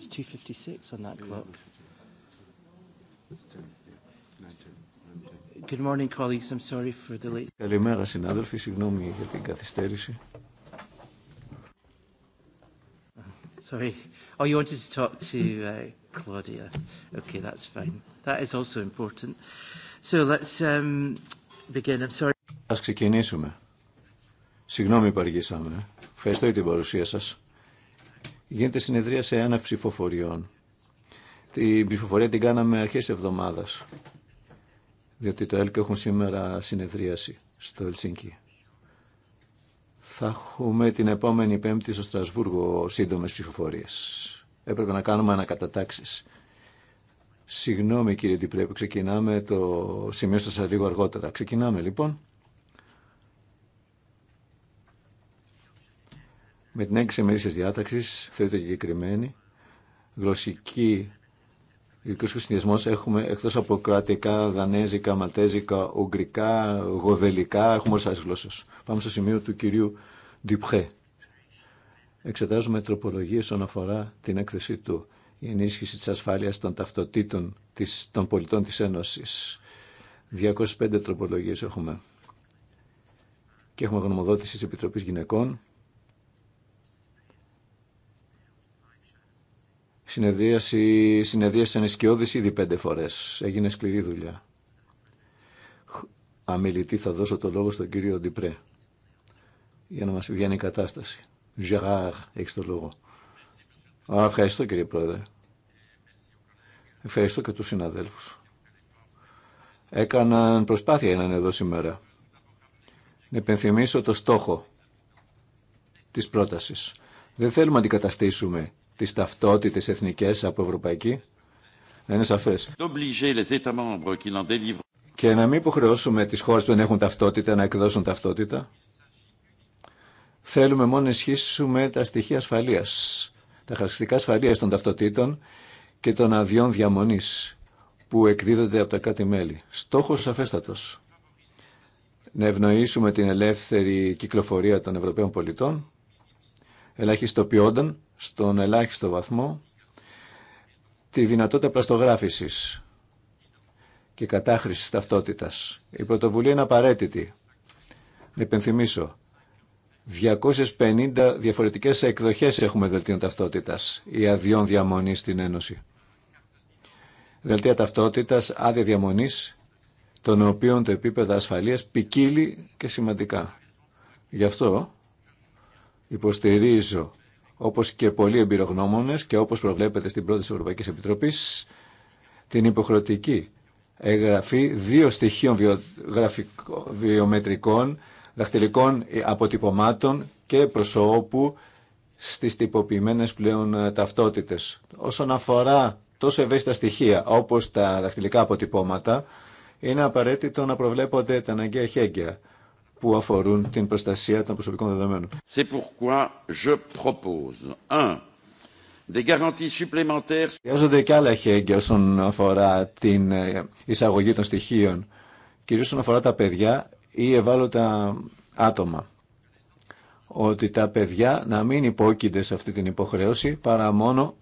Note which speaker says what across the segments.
Speaker 1: was 2.56 on that clock. Good morning, colleagues. I'm sorry for the late...
Speaker 2: Καλημέρα, συνάδελφοι. Συγγνώμη για την καθυστέρηση.
Speaker 1: Sorry. Oh, you wanted to talk to uh, Claudia. Okay, that's fine. That is also important. So let's um, begin.
Speaker 2: I'm sorry. Ας ξεκινήσουμε. Συγγνώμη που αργήσαμε. Ευχαριστώ για την παρουσία σας γίνεται συνεδρία σε ένα ψηφοφοριών. Την ψηφοφορία την κάναμε αρχές εβδομάδας, διότι το ΕΛΚ έχουν σήμερα συνεδρίαση στο Ελσίνκι. Θα έχουμε την επόμενη Πέμπτη στο Στρασβούργο σύντομε ψηφοφορίε. Έπρεπε να κάνουμε ανακατατάξει. Συγγνώμη κύριε πρέπει ξεκινάμε το σημείο σα λίγο αργότερα. Ξεκινάμε λοιπόν. Με την έγκριση μερίσια διάταξη θεωρείται συγκεκριμένη. Γλωσσική γλωσσικό συνδυασμό έχουμε εκτό από κρατικά, δανέζικα, μαλτέζικα, ουγγρικά, γοδελικά. Έχουμε όλε τι γλώσσε. Πάμε στο σημείο του κυρίου Ντιπχέ. Εξετάζουμε τροπολογίε όσον αφορά την έκθεση του. Η ενίσχυση τη ασφάλεια των ταυτοτήτων της, των πολιτών τη Ένωση. 205 τροπολογίε έχουμε. Και έχουμε γνωμοδότηση τη Επιτροπή Γυναικών Συνεδρίαση, συνεδρίαση ανεσκιώδης ήδη πέντε φορές. Έγινε σκληρή δουλειά. Αμιλητή θα δώσω το λόγο στον κύριο Ντιπρέ για να μας βγαίνει η κατάσταση. Ζεράρ, έχεις το λόγο. Α, ευχαριστώ κύριε Πρόεδρε. Ευχαριστώ και τους συναδέλφους. Έκαναν προσπάθεια να είναι εδώ σήμερα. Να υπενθυμίσω το στόχο της πρότασης. Δεν θέλουμε να αντικαταστήσουμε τις ταυτότητες εθνικές από ευρωπαϊκή. Να είναι σαφές. Και να μην υποχρεώσουμε τις χώρες που δεν έχουν ταυτότητα να εκδώσουν ταυτότητα. Θέλουμε μόνο να ισχύσουμε τα στοιχεία ασφαλείας, τα χαρακτηριστικά ασφαλείας των ταυτοτήτων και των αδειών διαμονής που εκδίδονται από τα κάτι μέλη. Στόχος σαφέστατος. Να ευνοήσουμε την ελεύθερη κυκλοφορία των Ευρωπαίων πολιτών ελαχιστοποιώνταν στον ελάχιστο βαθμό τη δυνατότητα πλαστογράφησης και κατάχρησης ταυτότητας. Η πρωτοβουλία είναι απαραίτητη. Να υπενθυμίσω, 250 διαφορετικές εκδοχές έχουμε δελτίων ταυτότητας ή αδειών διαμονής στην Ένωση. Δελτία ταυτότητας, άδεια διαμονής, των οποίων το επίπεδο ασφαλείας ποικίλει και σημαντικά. Γι' αυτό Υποστηρίζω, όπως και πολλοί εμπειρογνώμονες και όπως προβλέπεται στην πρώτη της Ευρωπαϊκής Επιτροπής, την υποχρεωτική εγγραφή δύο στοιχείων βιομετρικών, δαχτυλικών αποτυπωμάτων και προσώπου στις τυποποιημένες πλέον ε, ταυτότητες. Όσον αφορά τόσο ευαίσθητα στοιχεία όπως τα δαχτυλικά αποτυπώματα, είναι απαραίτητο να προβλέπονται τα αναγκαία χέγγια που αφορούν την προστασία των προσωπικών δεδομένων. Χρειάζονται και άλλα χέγγια όσον αφορά την ε, εισαγωγή των στοιχείων, κυρίως όσον αφορά τα παιδιά ή ευάλωτα άτομα. Ότι τα παιδιά να μην υπόκεινται σε αυτή την υποχρέωση παρά μόνο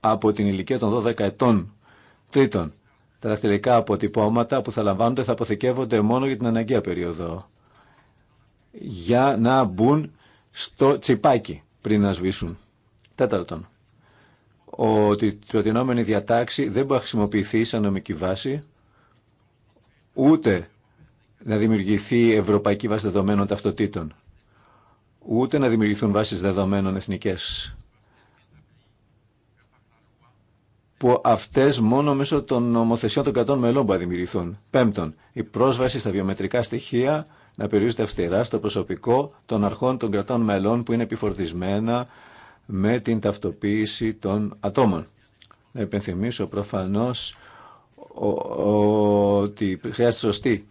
Speaker 2: από την ηλικία των 12 ετών. Τρίτον, τα δαχτυλικά αποτυπώματα που θα λαμβάνονται θα αποθηκεύονται μόνο για την αναγκαία περίοδο για να μπουν στο τσιπάκι πριν να σβήσουν. Τέταρτον, ότι η προτινόμενη διατάξη δεν μπορεί να χρησιμοποιηθεί σαν νομική βάση, ούτε να δημιουργηθεί ευρωπαϊκή βάση δεδομένων ταυτοτήτων, ούτε να δημιουργηθούν βάσεις δεδομένων εθνικές, που αυτές μόνο μέσω των νομοθεσιών των κρατών μελών μπορεί να δημιουργηθούν. Πέμπτον, η πρόσβαση στα βιομετρικά στοιχεία να περιορίζεται αυστηρά στο προσωπικό των αρχών των κρατών μελών που είναι επιφορτισμένα με την ταυτοποίηση των ατόμων. Να υπενθυμίσω προφανώς ότι χρειάζεται σωστή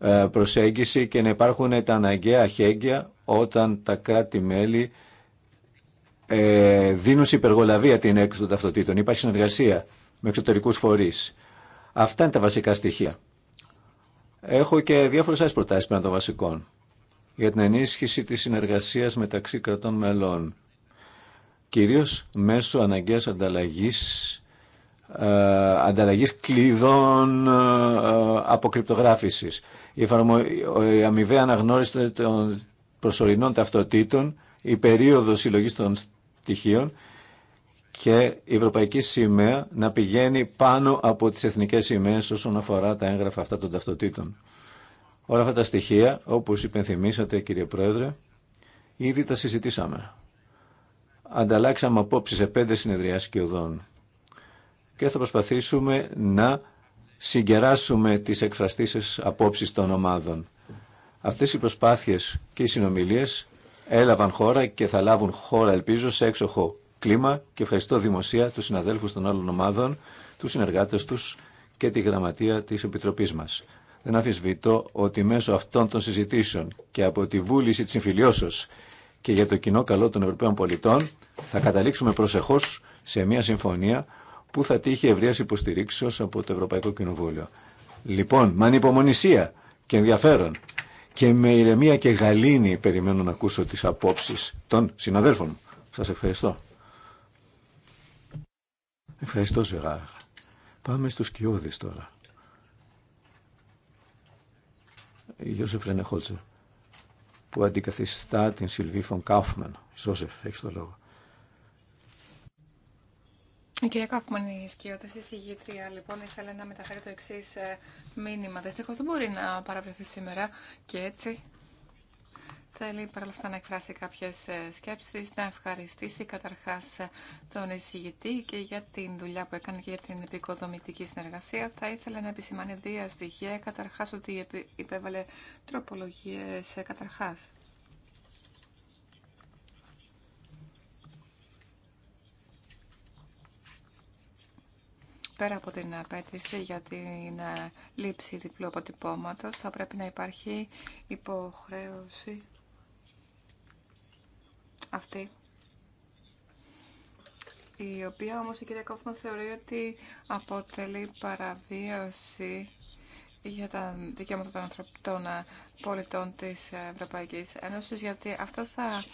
Speaker 2: ε, προσέγγιση και να υπάρχουν τα αναγκαία χέγγια όταν τα κράτη-μέλη ε, δίνουν σε υπεργολαβία την έξοδο ταυτοτήτων. Υπάρχει συνεργασία με εξωτερικούς φορείς. Αυτά είναι τα βασικά στοιχεία. Έχω και διάφορες άλλες προτάσεις πέραν των βασικών για την ενίσχυση της συνεργασίας μεταξύ κρατών μελών, κυρίως μέσω αναγκαίας ανταλλαγής, ε, ανταλλαγής κλειδών ε, αποκρυπτογράφηση. Η, εφαρμο, η αμοιβαία αναγνώριση των προσωρινών ταυτοτήτων, η περίοδο συλλογής των στοιχείων και η ευρωπαϊκή σημαία να πηγαίνει πάνω από τις εθνικές σημαίες όσον αφορά τα έγγραφα αυτά των ταυτοτήτων. Όλα αυτά τα στοιχεία, όπως υπενθυμίσατε κύριε Πρόεδρε, ήδη τα συζητήσαμε. Ανταλλάξαμε απόψεις σε πέντε συνεδρία και οδών και θα προσπαθήσουμε να συγκεράσουμε τις εκφραστήσεις απόψεις των ομάδων. Αυτές οι προσπάθειες και οι συνομιλίες έλαβαν χώρα και θα λάβουν χώρα, ελπίζω, σε έξοχο κλίμα και ευχαριστώ δημοσία του συναδέλφου των άλλων ομάδων, τους συνεργάτες τους και τη γραμματεία της Επιτροπής μας. Δεν αφισβητώ ότι μέσω αυτών των συζητήσεων και από τη βούληση της συμφιλιώσεως και για το κοινό καλό των Ευρωπαίων πολιτών θα καταλήξουμε προσεχώς σε μια συμφωνία που θα τύχει ευρεία υποστηρίξεω από το Ευρωπαϊκό Κοινοβούλιο. Λοιπόν, με ανυπομονησία και ενδιαφέρον και με ηρεμία και γαλήνη περιμένω να ακούσω τις απόψεις των συναδέλφων ευχαριστώ. Ευχαριστώ, Ζεράρ. Πάμε στους Κιώδης τώρα. Ιώσεφ Ρενεχόλτσερ, που αντικαθιστά την Σιλβή Φων Κάουφμαν. Ζώσεφ, έχεις το λόγο.
Speaker 3: Η ε, κυρία Κάφμαν, η η εισηγήτρια, λοιπόν, ήθελε να μεταφέρει το εξή ε, μήνυμα. Δυστυχώ δεν μπορεί να παραβρεθεί σήμερα και έτσι Θέλει παρόλα να εκφράσει κάποιες ε, σκέψεις, να ευχαριστήσει καταρχάς ε, τον εισηγητή και για την δουλειά που έκανε και για την επικοδομητική συνεργασία. Θα ήθελα να επισημάνει δύο στοιχεία, καταρχάς ότι υπέβαλε τροπολογίες ε, καταρχάς. Πέρα από την απέτηση για την λήψη διπλού αποτυπώματος, θα πρέπει να υπάρχει υποχρέωση αυτή. Η οποία όμως η κυρία Κόφμαν θεωρεί ότι αποτελεί παραβίωση για τα δικαιώματα των ε, πολιτών της Ευρωπαϊκής Ένωσης, γιατί αυτό θα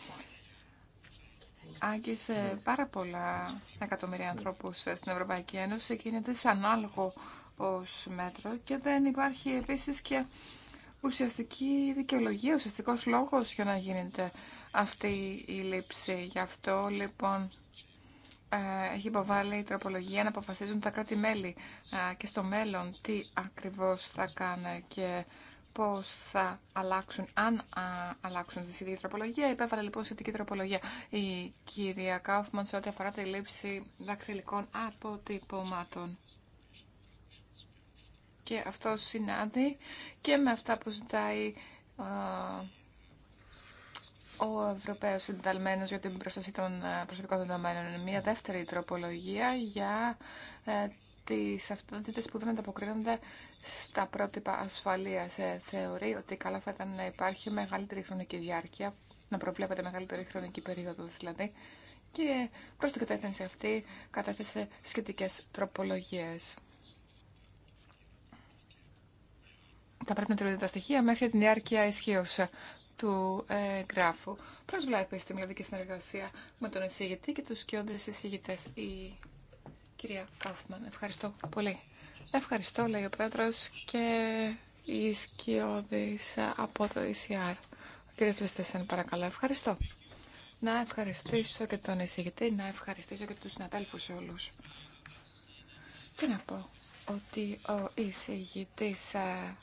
Speaker 3: άγγισε πάρα πολλά εκατομμύρια ανθρώπους στην Ευρωπαϊκή Ένωση και είναι δυσανάλογο ως μέτρο και δεν υπάρχει επίσης και ουσιαστική δικαιολογία, ουσιαστικός λόγος για να γίνεται αυτή η λήψη. Γι' αυτό λοιπόν ε, έχει υποβάλει η τροπολογία να αποφασίζουν τα κράτη-μέλη ε, και στο μέλλον τι ακριβώς θα κάνουν και πώς θα αλλάξουν, αν αλλάξουν τη σχετική τροπολογία. Υπέβαλε λοιπόν σχετική τροπολογία η κυρία Κάουφμαν σε ό,τι αφορά τη λήψη δακτυλικών αποτυπωμάτων. Και αυτό συνάδει και με αυτά που ζητάει ε, ο Ευρωπαίος Συνταλμένος για την προστασία των ε, προσωπικών δεδομένων. Είναι μια δεύτερη τροπολογία για ε, τις αυτοτήτε που δεν ανταποκρίνονται στα πρότυπα ασφαλείας. Ε, θεωρεί ότι καλά θα ήταν να υπάρχει μεγαλύτερη χρονική διάρκεια, να προβλέπεται μεγαλύτερη χρονική περίοδο δηλαδή. Και προ την κατεύθυνση αυτή κατέθεσε σχετικέ τροπολογίε. Θα πρέπει να τηρούνται τα στοιχεία μέχρι την διάρκεια ισχύω του ε, γράφου. Προσβλέπει τη μελλοντική συνεργασία με τον εισηγητή και τους σκιώδες εισηγητές, η κυρία Κάφμαν. Ευχαριστώ πολύ. Ευχαριστώ, λέει ο πρόεδρος και οι σκιώδης από το ECR. Ο κύριο Βεστεσέν, παρακαλώ. Ευχαριστώ. Να ευχαριστήσω και τον εισηγητή, να ευχαριστήσω και τους συναδέλφους όλους. Τι να πω, ότι ο εισηγητής ε,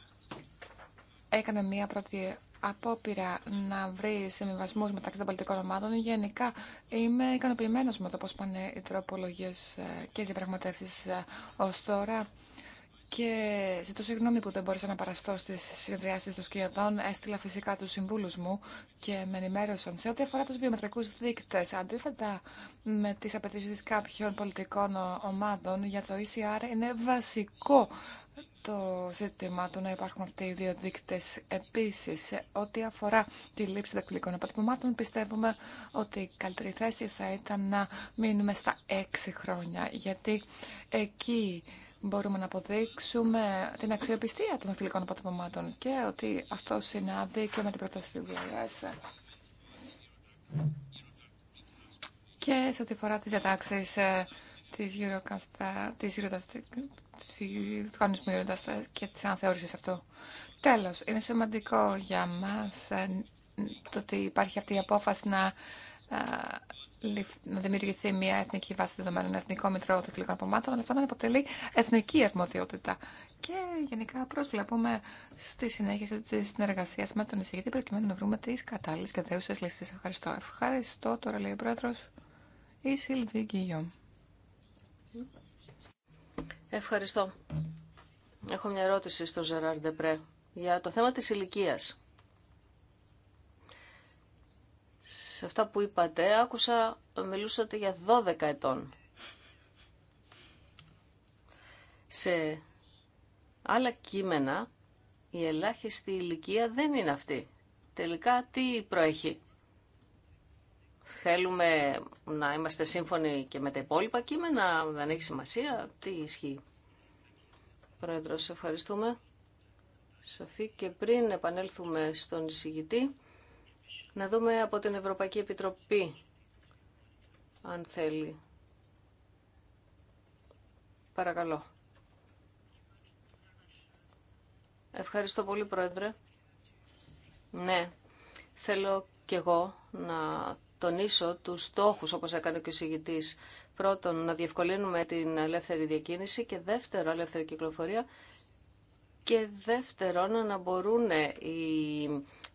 Speaker 3: έκανε μία πρώτη απόπειρα να βρει συμβιβασμού μεταξύ των πολιτικών ομάδων. Γενικά είμαι ικανοποιημένο με το πώ πάνε οι τροπολογίε ε, και οι διαπραγματεύσει ε, ω τώρα. Και ζητώ συγγνώμη που δεν μπόρεσα να παραστώ στι συνεδριάσει των σκιωδών. Έστειλα φυσικά του συμβούλου μου και με ενημέρωσαν σε ό,τι αφορά του βιομετρικού δείκτε. Αντίθετα με τι απαιτήσει κάποιων πολιτικών ομάδων για το ECR, είναι βασικό το ζήτημα του να υπάρχουν αυτοί οι δύο δείκτε επίση ό,τι αφορά τη λήψη δακτυλικών αποτυπωμάτων, πιστεύουμε ότι η καλύτερη θέση θα ήταν να μείνουμε στα έξι χρόνια, γιατί εκεί μπορούμε να αποδείξουμε την αξιοπιστία των δακτυλικών αποτυπωμάτων και ότι αυτό συνάδει και με την πρόταση του VIS. Και σε ό,τι αφορά τι διατάξει ε, τη Eurocast, ε, του κανονισμού και τη αναθεώρηση αυτό. Τέλο, είναι σημαντικό για μα ε, το ότι υπάρχει αυτή η απόφαση να, ε, να δημιουργηθεί μια εθνική βάση δεδομένων, ένα εθνικό μητρό τεχνικών απομάτων, αλλά αυτό να αποτελεί εθνική αρμοδιότητα. Και γενικά προσβλέπουμε στη συνέχεια τη συνεργασία με τον εισηγητή προκειμένου να βρούμε τι κατάλληλε και δέουσε λύσει. Ευχαριστώ. Ευχαριστώ τώρα, λέει ο πρόεδρο, η Σιλβί
Speaker 4: Ευχαριστώ. Έχω μια ερώτηση στον Ζεράρ Ντεπρέ για το θέμα της ηλικία. Σε αυτά που είπατε, άκουσα, μιλούσατε για 12 ετών. Σε άλλα κείμενα, η ελάχιστη ηλικία δεν είναι αυτή. Τελικά, τι προέχει θέλουμε να είμαστε σύμφωνοι και με τα υπόλοιπα κείμενα, δεν έχει σημασία. Τι ισχύει. Πρόεδρο, σε ευχαριστούμε. Σοφή, και πριν επανέλθουμε στον εισηγητή, να δούμε από την Ευρωπαϊκή Επιτροπή, αν θέλει. Παρακαλώ. Ευχαριστώ πολύ, Πρόεδρε. Ναι, θέλω κι εγώ να τονίσω του στόχου, όπως έκανε και ο συγητή. Πρώτον, να διευκολύνουμε την ελεύθερη διακίνηση και δεύτερον, ελεύθερη κυκλοφορία και δεύτερον, να μπορούν οι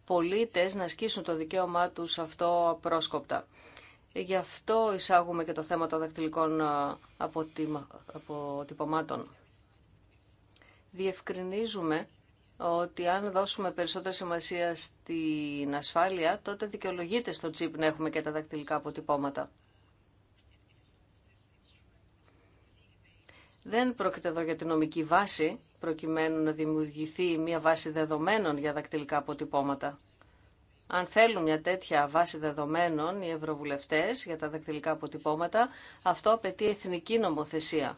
Speaker 4: πολίτες να ασκήσουν το δικαίωμά τους αυτό πρόσκοπτα. Γι' αυτό εισάγουμε και το θέμα των δακτυλικών ε, αποτυπωμάτων. Διευκρινίζουμε ότι αν δώσουμε περισσότερη σημασία στην ασφάλεια, τότε δικαιολογείται στο τσίπ να έχουμε και τα δακτυλικά αποτυπώματα. Δεν πρόκειται εδώ για την νομική βάση, προκειμένου να δημιουργηθεί μια βάση δεδομένων για δακτυλικά αποτυπώματα. Αν θέλουν μια τέτοια βάση δεδομένων οι ευρωβουλευτές για τα δακτυλικά αποτυπώματα, αυτό απαιτεί εθνική νομοθεσία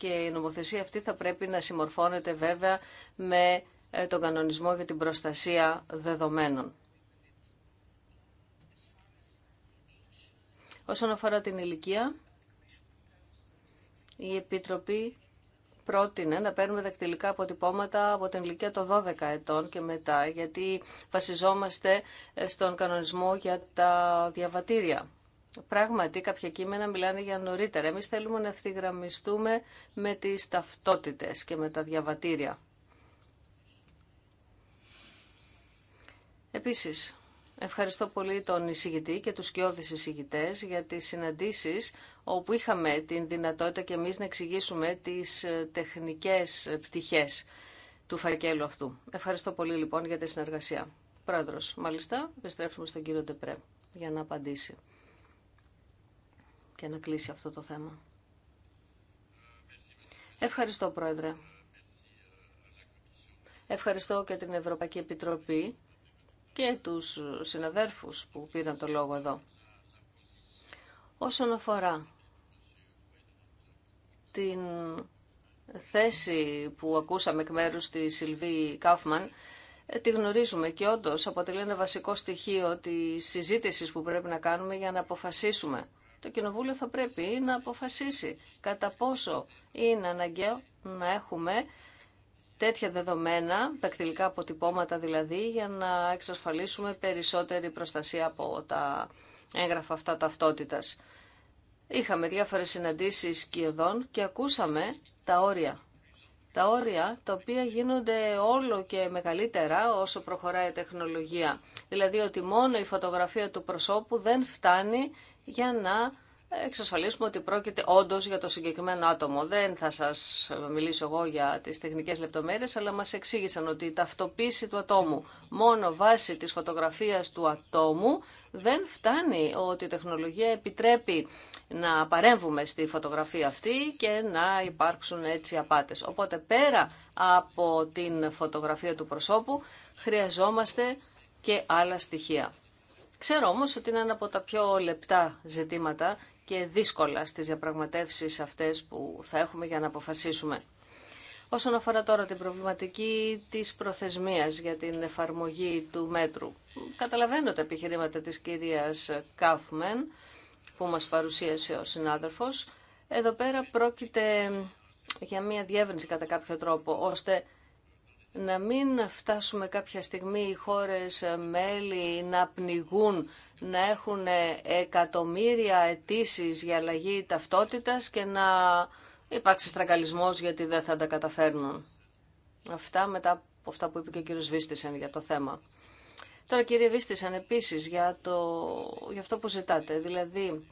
Speaker 4: και η νομοθεσία αυτή θα πρέπει να συμμορφώνεται βέβαια με ε, τον κανονισμό για την προστασία δεδομένων. Όσον αφορά την ηλικία, η Επιτροπή πρότεινε να παίρνουμε δακτυλικά αποτυπώματα από την ηλικία των 12 ετών και μετά, γιατί βασιζόμαστε ε, στον κανονισμό για τα διαβατήρια. Πράγματι, κάποια κείμενα μιλάνε για νωρίτερα. Εμείς θέλουμε να ευθυγραμμιστούμε με τις ταυτότητες και με τα διαβατήρια. Επίσης, ευχαριστώ πολύ τον εισηγητή και τους κοιόδης εισηγητέ για τις συναντήσεις όπου είχαμε την δυνατότητα και εμείς να εξηγήσουμε τις ε, τεχνικές πτυχές του φακέλου αυτού. Ευχαριστώ πολύ λοιπόν για τη συνεργασία. Πρόεδρος, μάλιστα, επιστρέφουμε στον κύριο Ντεπρέ για να απαντήσει και να κλείσει αυτό το θέμα. Ευχαριστώ, Πρόεδρε. Ευχαριστώ και την Ευρωπαϊκή Επιτροπή και τους συναδέρφους που πήραν το λόγο εδώ. Όσον αφορά την θέση που ακούσαμε εκ μέρους τη Σιλβί Κάφμαν, ε, τη γνωρίζουμε και όντω αποτελεί ένα βασικό στοιχείο της συζήτησης που πρέπει να κάνουμε για να αποφασίσουμε το Κοινοβούλιο θα πρέπει να αποφασίσει κατά πόσο είναι αναγκαίο να έχουμε τέτοια δεδομένα, δακτυλικά αποτυπώματα δηλαδή, για να εξασφαλίσουμε περισσότερη προστασία από τα έγγραφα αυτά ταυτότητας. Είχαμε διάφορες συναντήσεις σκιωδών και ακούσαμε τα όρια. Τα όρια τα οποία γίνονται όλο και μεγαλύτερα όσο προχωράει η τεχνολογία. Δηλαδή ότι μόνο η φωτογραφία του προσώπου δεν φτάνει για να εξασφαλίσουμε ότι πρόκειται όντω για το συγκεκριμένο άτομο. Δεν θα σας μιλήσω εγώ για τις τεχνικές λεπτομέρειες, αλλά μας εξήγησαν ότι η ταυτοποίηση του ατόμου μόνο βάσει της φωτογραφίας του ατόμου δεν φτάνει ότι η τεχνολογία επιτρέπει να παρέμβουμε στη φωτογραφία αυτή και να υπάρξουν έτσι απάτες. Οπότε πέρα από την φωτογραφία του προσώπου χρειαζόμαστε και άλλα στοιχεία. Ξέρω όμως ότι είναι ένα από τα πιο λεπτά ζητήματα και δύσκολα στις διαπραγματεύσεις αυτές που θα έχουμε για να αποφασίσουμε. Όσον αφορά τώρα την προβληματική της προθεσμίας για την εφαρμογή του μέτρου, καταλαβαίνω τα επιχειρήματα της κυρίας Κάφμεν που μας παρουσίασε ο συνάδελφος. Εδώ πέρα πρόκειται για μια διεύρυνση κατά κάποιο τρόπο, ώστε να μην φτάσουμε κάποια στιγμή οι χώρες ε, μέλη να πνιγούν, να έχουν ε, εκατομμύρια αιτήσει για αλλαγή ταυτότητας και να υπάρξει στραγγαλισμός γιατί δεν θα τα καταφέρνουν. Αυτά μετά από αυτά που είπε και ο κύριος Βίστησεν για το θέμα. Τώρα κύριε Βίστησεν επίσης για, το... για αυτό που ζητάτε, δηλαδή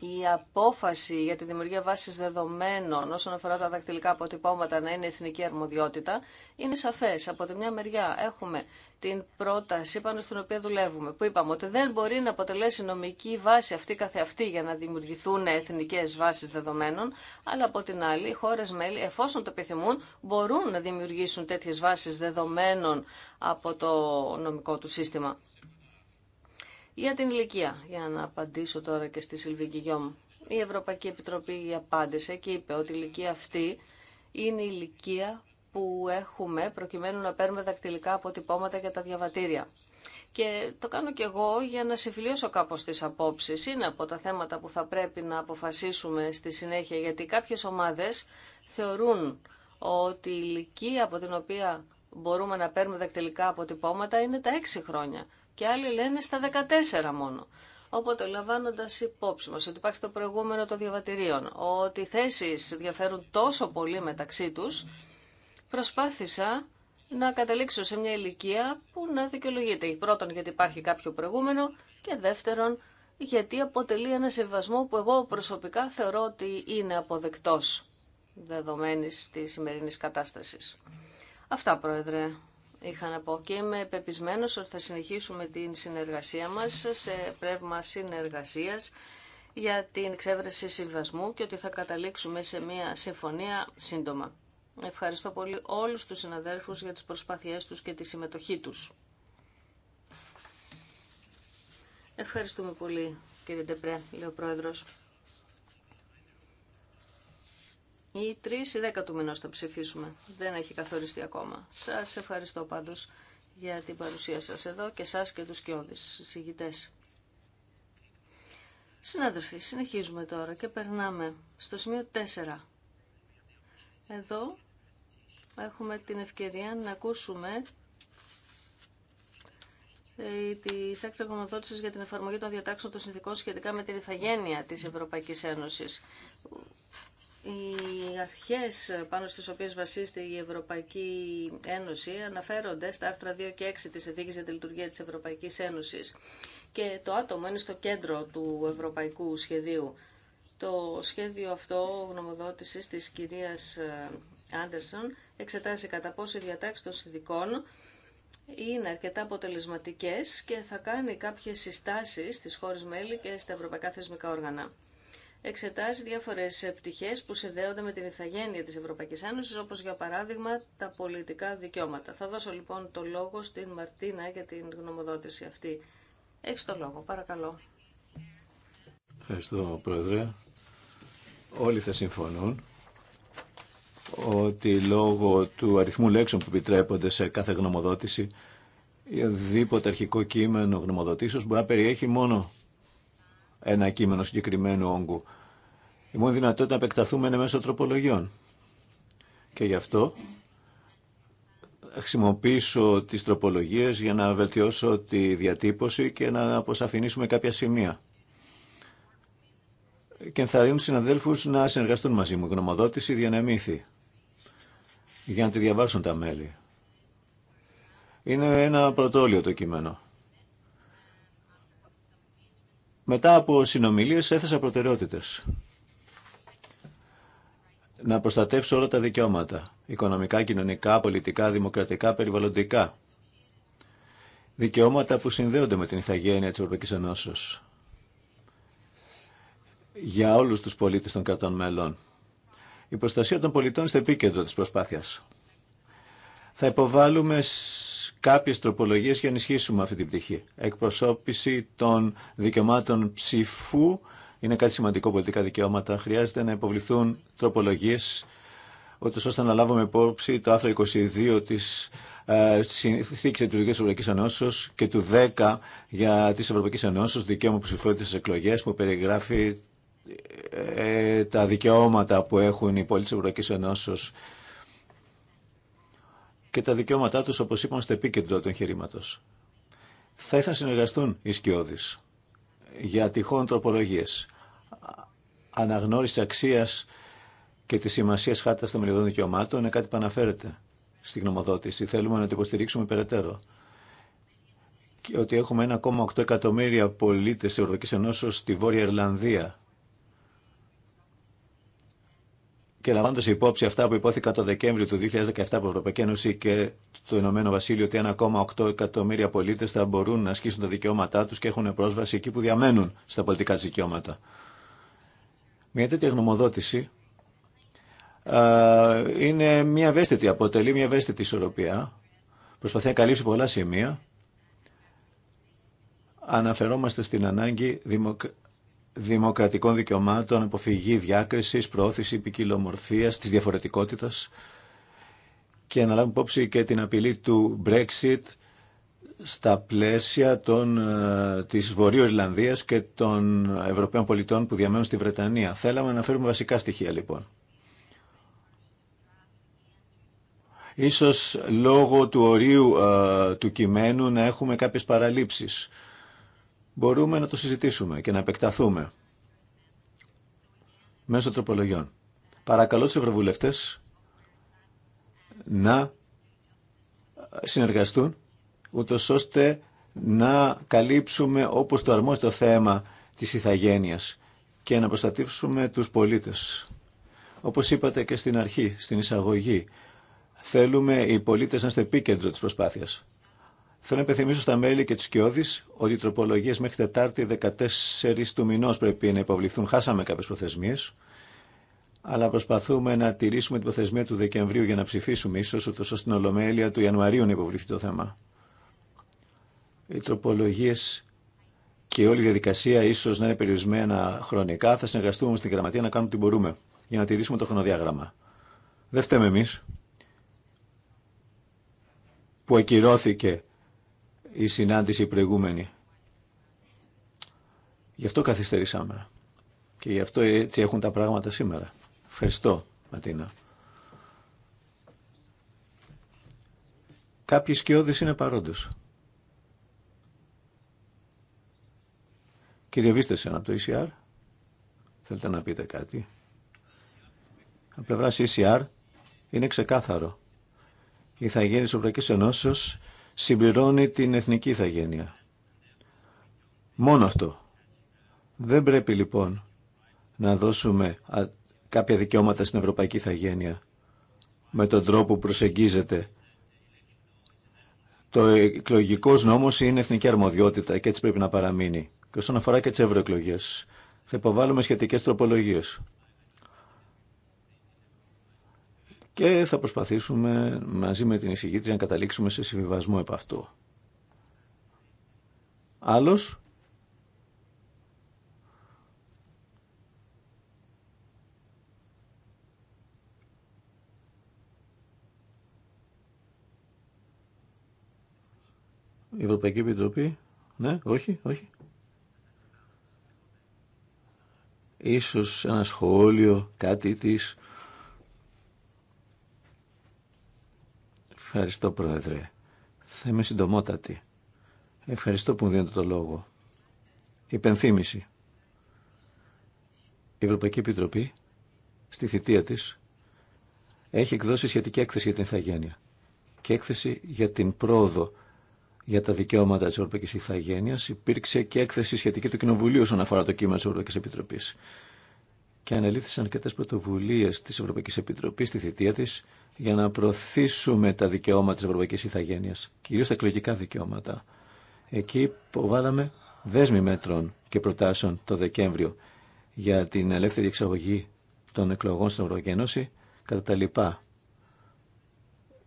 Speaker 4: η απόφαση για τη δημιουργία βάσης δεδομένων όσον αφορά τα δακτυλικά αποτυπώματα να είναι εθνική αρμοδιότητα είναι σαφές. Από τη μια μεριά έχουμε την πρόταση πάνω στην οποία δουλεύουμε που είπαμε ότι δεν μπορεί να αποτελέσει νομική βάση αυτή καθεαυτή για να δημιουργηθούν εθνικές βάσεις δεδομένων αλλά από την άλλη οι χώρες μέλη εφόσον το επιθυμούν μπορούν να δημιουργήσουν τέτοιες βάσεις δεδομένων από το νομικό του σύστημα. Για την ηλικία, για να απαντήσω τώρα και στη Σιλβίκη Γιώμ. Η Ευρωπαϊκή Επιτροπή απάντησε και είπε ότι η ηλικία αυτή είναι η ηλικία που έχουμε προκειμένου να παίρνουμε δακτυλικά αποτυπώματα για τα διαβατήρια. Και το κάνω και εγώ για να συμφιλίωσω κάπως τις απόψεις. Είναι από τα θέματα που θα πρέπει να αποφασίσουμε στη συνέχεια, γιατί κάποιες ομάδες θεωρούν ότι η ηλικία από την οποία μπορούμε να παίρνουμε δακτυλικά αποτυπώματα είναι τα έξι χρόνια και άλλοι λένε στα 14 μόνο. Οπότε λαμβάνοντα υπόψη μα ότι υπάρχει το προηγούμενο των διαβατηρίων, ότι οι θέσει διαφέρουν τόσο πολύ μεταξύ του, προσπάθησα να καταλήξω σε μια ηλικία που να δικαιολογείται. Πρώτον, γιατί υπάρχει κάποιο προηγούμενο και δεύτερον, γιατί αποτελεί ένα σεβασμό που εγώ προσωπικά θεωρώ ότι είναι αποδεκτός δεδομένης της σημερινής κατάστασης. Αυτά, Πρόεδρε, είχα να πω και είμαι πεπισμένος ότι θα συνεχίσουμε την συνεργασία μας σε πνεύμα συνεργασίας για την εξέβρεση συμβασμού και ότι θα καταλήξουμε σε μια συμφωνία σύντομα. Ευχαριστώ πολύ όλους τους συναδέλφους για τις προσπάθειές τους και τη συμμετοχή τους. Ευχαριστούμε πολύ κύριε Ντεπρέ, λέει ο Πρόεδρος. Ή 3 ή δέκα του μηνός θα ψηφίσουμε. Δεν έχει καθοριστεί ακόμα. Σας ευχαριστώ πάντως για την παρουσία σας εδώ και σας και τους κοιόδης συγητές. Συνάδελφοι, συνεχίζουμε τώρα και περνάμε στο σημείο 4. Εδώ έχουμε την ευκαιρία να ακούσουμε ε, τη στάκτη για την εφαρμογή των διατάξεων των συνθηκών σχετικά με την ηθαγένεια της Ευρωπαϊκής Ένωσης οι αρχές πάνω στις οποίες βασίζεται η Ευρωπαϊκή Ένωση αναφέρονται στα άρθρα 2 και 6 της Εθήκης για τη Λειτουργία της Ευρωπαϊκής Ένωσης και το άτομο είναι στο κέντρο του Ευρωπαϊκού Σχεδίου. Το σχέδιο αυτό γνωμοδότησης της κυρίας ε, Άντερσον εξετάζει κατά πόσο οι διατάξεις των συνδικών είναι αρκετά αποτελεσματικές και θα κάνει κάποιες συστάσεις στις χώρες μέλη και στα ευρωπαϊκά θεσμικά όργανα εξετάζει διάφορε πτυχέ που συνδέονται με την ηθαγένεια της Ευρωπαϊκή Ένωση, όπως για παράδειγμα τα πολιτικά δικαιώματα. Θα δώσω λοιπόν το λόγο στην Μαρτίνα για την γνωμοδότηση αυτή. Έχει το λόγο, παρακαλώ.
Speaker 2: Ευχαριστώ, Πρόεδρε. Όλοι θα συμφωνούν ότι λόγω του αριθμού λέξεων που επιτρέπονται σε κάθε γνωμοδότηση, οδήποτε αρχικό κείμενο γνωμοδοτήσεως μπορεί να περιέχει μόνο ένα κείμενο συγκεκριμένου όγκου. Η μόνη δυνατότητα να επεκταθούμε είναι μέσω τροπολογιών. Και γι' αυτό χρησιμοποιήσω τις τροπολογίες για να βελτιώσω τη διατύπωση και να αποσαφηνίσουμε κάποια σημεία. Και ενθαρρύνουν συναδέλφους να συνεργαστούν μαζί μου. γνωμοδότηση διανεμήθη για να τη διαβάσουν τα μέλη. Είναι ένα πρωτόλιο το κείμενο. Μετά από συνομιλίες έθεσα προτεραιότητες. Να προστατεύσω όλα τα δικαιώματα, οικονομικά, κοινωνικά, πολιτικά, δημοκρατικά, περιβαλλοντικά. Δικαιώματα που συνδέονται με την ηθαγένεια της Ευρωπαϊκής Ενώσεως. Για όλους τους πολίτες των κρατών μελών. Η προστασία των πολιτών στο επίκεντρο της προσπάθειας. Θα υποβάλουμε κάποιε τροπολογίες για να ενισχύσουμε αυτή την πτυχή. Εκπροσώπηση των δικαιωμάτων ψηφού είναι κάτι σημαντικό πολιτικά δικαιώματα. Χρειάζεται να υποβληθούν τροπολογίες ούτως ώστε να λάβουμε υπόψη το άρθρο 22 της ε, συνθήκης της Ευρωπαϊκής Ενώσεως και του 10 για της Ευρωπαϊκής Ενώσεως δικαίωμα που στις εκλογές που περιγράφει ε, τα δικαιώματα που έχουν οι πολίτες της Ευρωπαϊκής Ενώσεως και τα δικαιώματά τους, όπως είπαμε, στο επίκεντρο του εγχειρήματο. Θα ήθελα να συνεργαστούν οι σκιώδεις για τυχόν τροπολογίες. Αναγνώριση αξίας και τη σημασία χάρτα των μελιδών δικαιωμάτων είναι κάτι που αναφέρεται στη γνωμοδότηση. Θέλουμε να το υποστηρίξουμε περαιτέρω. Και ότι έχουμε 1,8 εκατομμύρια πολίτε τη Ευρωπαϊκή στη Βόρεια Ιρλανδία και λαμβάνοντα υπόψη αυτά που υπόθηκαν το Δεκέμβριο του 2017 από την Ευρωπαϊκή Ένωση και το Ηνωμένο Βασίλειο, ότι 1,8 εκατομμύρια πολίτε θα μπορούν να ασκήσουν τα δικαιώματά του και έχουν πρόσβαση εκεί που διαμένουν στα πολιτικά δικαιώματα. Μια τέτοια γνωμοδότηση είναι μια ευαίσθητη, αποτελεί μια ευαίσθητη ισορροπία. Προσπαθεί να καλύψει πολλά σημεία. Αναφερόμαστε στην ανάγκη δημοκρατία δημοκρατικών δικαιωμάτων, αποφυγή διάκρισης, προώθηση ποικιλομορφίας, της διαφορετικότητας και να λάβουμε υπόψη και την απειλή του Brexit στα πλαίσια των, ε, της Βορείου Ιρλανδίας και των Ευρωπαίων πολιτών που διαμένουν στη Βρετανία. Θέλαμε να φέρουμε βασικά στοιχεία λοιπόν. Ίσως λόγω του ορίου ε, του κειμένου να έχουμε κάποιες παραλήψεις μπορούμε να το συζητήσουμε και να επεκταθούμε μέσω τροπολογιών. Παρακαλώ τους ευρωβουλευτές να συνεργαστούν ούτω ώστε να καλύψουμε όπως το αρμόζει το θέμα της ηθαγένειας και να προστατεύσουμε τους πολίτες. Όπως είπατε και στην αρχή, στην εισαγωγή, θέλουμε οι πολίτες να είστε επίκεντρο της προσπάθειας. Θέλω να υπενθυμίσω στα μέλη και του Κιώδη ότι οι τροπολογίε μέχρι Τετάρτη 14 του μηνό πρέπει να υποβληθούν. Χάσαμε κάποιε προθεσμίε, αλλά προσπαθούμε να τηρήσουμε την προθεσμία του Δεκεμβρίου για να ψηφίσουμε, ίσω ούτω ώστε στην Ολομέλεια του Ιανουαρίου να υποβληθεί το θέμα. Οι τροπολογίε και όλη η διαδικασία ίσω να είναι περιορισμένα χρονικά. Θα συνεργαστούμε στην Γραμματεία να κάνουμε ό,τι μπορούμε για να τηρήσουμε το χρονοδιάγραμμα. Δεν φταίμε εμεί που ακυρώθηκε η συνάντηση προηγούμενη. Γι' αυτό καθυστερήσαμε. Και γι' αυτό έτσι έχουν τα πράγματα σήμερα. Ευχαριστώ, Ματίνα. Κάποιοι σκιώδεις είναι παρόντες. Κύριε Βίστεσεν από το ECR, θέλετε να πείτε κάτι. Από πλευράς ECR είναι ξεκάθαρο. Η Θαγέννη Σοπρακής Ενώσεως συμπληρώνει την εθνική θαγένεια. Μόνο αυτό. Δεν πρέπει λοιπόν να δώσουμε κάποια δικαιώματα στην ευρωπαϊκή θαγένεια με τον τρόπο που προσεγγίζεται. Το εκλογικό νόμος είναι εθνική αρμοδιότητα και έτσι πρέπει να παραμείνει. Και όσον αφορά και τι ευρωεκλογέ, θα υποβάλουμε σχετικέ τροπολογίε. και θα προσπαθήσουμε μαζί με την εισηγήτρια να καταλήξουμε σε συμβιβασμό επ' αυτού. Άλλος. Η Ευρωπαϊκή Επιτροπή. Ναι, όχι, όχι. Ίσως ένα σχόλιο, κάτι της Ευχαριστώ, Πρόεδρε. Θα είμαι συντομότατη. Ευχαριστώ που μου δίνετε το λόγο. Υπενθύμηση. Η Ευρωπαϊκή Επιτροπή στη θητεία της έχει εκδώσει σχετική έκθεση για την Ιθαγένεια και έκθεση για την πρόοδο για τα δικαιώματα της Ευρωπαϊκής Ιθαγένειας. Υπήρξε και έκθεση σχετική του Κοινοβουλίου όσον αφορά το κείμενο της Ευρωπαϊκής Επιτροπής και και τι πρωτοβουλίε τη Ευρωπαϊκή Επιτροπή στη θητεία τη για να προωθήσουμε τα δικαιώματα τη ευρωπαϊκή ηθαγένεια, κυρίω τα εκλογικά δικαιώματα. Εκεί βάλαμε δέσμη μέτρων και προτάσεων το Δεκέμβριο για την ελεύθερη εξαγωγή των εκλογών στην Ένωση, κατά τα λοιπά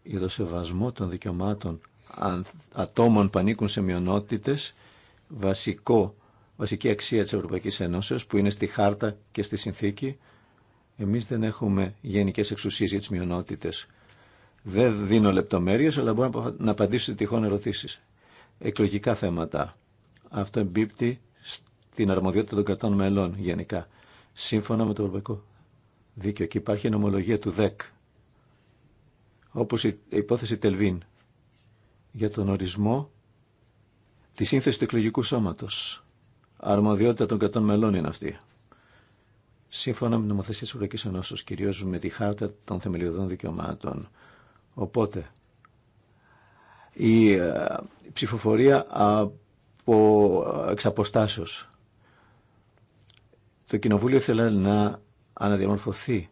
Speaker 2: για το σεβασμό των δικαιωμάτων ατόμων που ανήκουν σε μειονότητε, βασικό βασική αξία της Ευρωπαϊκής Ενώσεως που είναι στη χάρτα και στη συνθήκη. Εμείς δεν έχουμε γενικές εξουσίες για τις μειονότητες. Δεν δίνω λεπτομέρειες, αλλά μπορώ να απαντήσω σε τυχόν ερωτήσεις. Εκλογικά θέματα. Αυτό εμπίπτει στην αρμοδιότητα των κρατών μελών γενικά. Σύμφωνα με το Ευρωπαϊκό Δίκαιο. Και υπάρχει νομολογία του ΔΕΚ. Όπως η υπόθεση Τελβίν για τον ορισμό τη σύνθεση του εκλογικού σώματος αρμοδιότητα των κρατών μελών είναι αυτή. Σύμφωνα με την νομοθεσία τη Ευρωπαϊκή Ενώσεω, κυρίω με τη Χάρτα των Θεμελιωδών Δικαιωμάτων. Οπότε, η ε, ψηφοφορία από ε, εξαποστάσεως. Το Κοινοβούλιο ήθελε να αναδιαμορφωθεί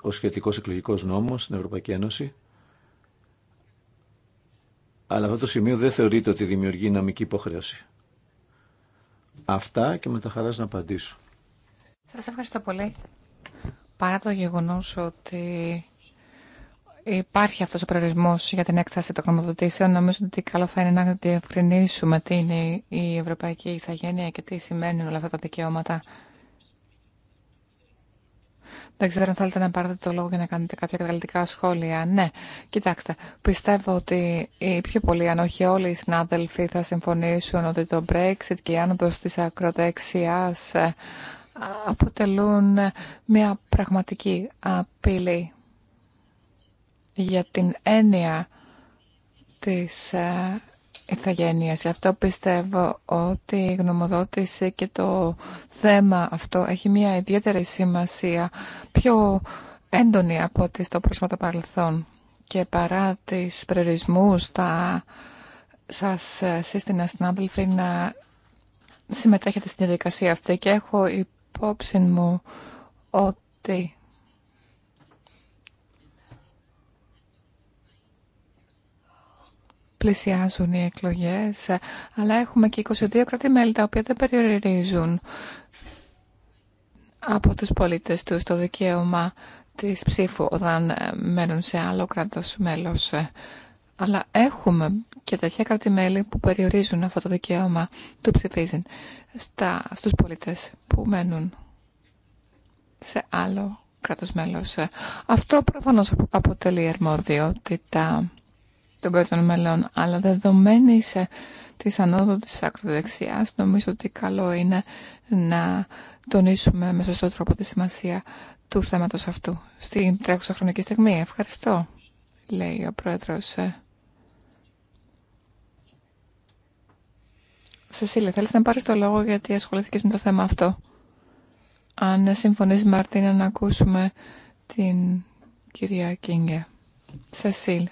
Speaker 2: ο σχετικό εκλογικό νόμος στην Ευρωπαϊκή Ένωση, αλλά αυτό το σημείο δεν θεωρείται ότι δημιουργεί νομική υποχρέωση αυτά και με τα χαράς να απαντήσω.
Speaker 3: Σα ευχαριστώ πολύ. Παρά το γεγονός ότι υπάρχει αυτός ο προορισμό για την έκταση των χρηματοδοτήσεων, νομίζω ότι καλό θα είναι να διευκρινίσουμε τι είναι η ευρωπαϊκή ηθαγένεια και τι σημαίνουν όλα αυτά τα δικαιώματα δεν ξέρω αν θέλετε να πάρετε το λόγο για να κάνετε κάποια καταλητικά σχόλια. Ναι, κοιτάξτε, πιστεύω ότι οι πιο πολλοί, αν όχι όλοι οι συνάδελφοι, θα συμφωνήσουν ότι το Brexit και η άνοδο τη ακροδεξιά ε, αποτελούν μια πραγματική απειλή για την έννοια της ε, ηθαγένειας. Γι' αυτό πιστεύω ότι η γνωμοδότηση και το θέμα αυτό έχει μια ιδιαίτερη σημασία, πιο έντονη από ό,τι στο πρόσφατο παρελθόν. Και παρά τις περιορισμούς, θα σας σύστηνα στην άδελφη να συμμετέχετε στην διαδικασία αυτή και έχω υπόψη μου ότι πλησιάζουν οι εκλογές, ε, αλλά έχουμε και 22 κρατημέλη τα οποία δεν περιορίζουν από τους πολίτες του το δικαίωμα της ψήφου όταν ε, μένουν σε άλλο κράτος μέλος. Ε. Αλλά έχουμε και τέτοια κρατημέλη που περιορίζουν αυτό το δικαίωμα του ψηφίζουν στα, στους πολίτες που μένουν σε άλλο κράτος μέλος. Αυτό προφανώς αποτελεί αρμοδιότητα των κρατών μελών. Αλλά δεδομένη τη ανόδου τη ακροδεξιά, νομίζω ότι καλό είναι να τονίσουμε με σωστό τρόπο τη σημασία του θέματο αυτού στην τρέχουσα χρονική στιγμή. Ευχαριστώ, λέει ο πρόεδρο. Σεσίλη, θέλεις να πάρεις το λόγο γιατί ασχολήθηκε με το θέμα αυτό. Αν συμφωνείς Μαρτίνα να ακούσουμε την κυρία Κίνγκε. Σεσίλ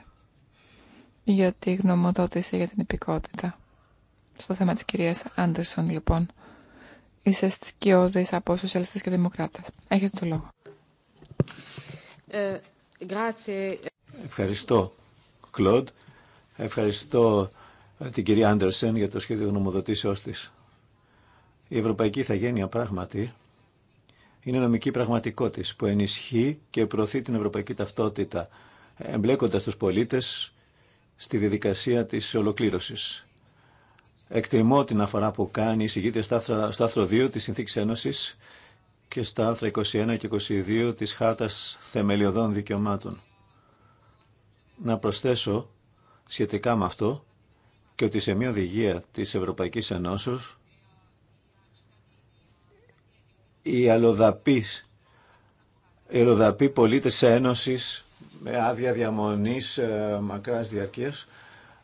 Speaker 3: για τη γνωμοδότηση για την υπηκότητα. Στο θέμα της κυρίας Άντερσον, λοιπόν. Είσαι σκιώδης από σοσιαλιστές και δημοκράτες. Έχετε το λόγο.
Speaker 1: Ε,
Speaker 2: Ευχαριστώ, Κλοντ. Ευχαριστώ ε, την κυρία Άντερσον για το σχέδιο γνωμοδοτήσεώς της. Η Ευρωπαϊκή Ιθαγένεια πράγματι είναι νομική πραγματικότητα που ενισχύει και προωθεί την ευρωπαϊκή ταυτότητα, εμπλέκοντας τους πολίτες στη διαδικασία της ολοκλήρωσης. Εκτιμώ την αφορά που κάνει η συγκίτρια στο άρθρο 2 της Συνθήκης Ένωσης και στα άρθρα 21 και 22 της Χάρτας Θεμελιωδών Δικαιωμάτων. Να προσθέσω σχετικά με αυτό και ότι σε μια οδηγία της Ευρωπαϊκής Ενώσεως οι αλλοδαπείς αλλοδαποί πολίτες Ένωσης με άδεια διαμονή ε, μακρά διαρκεία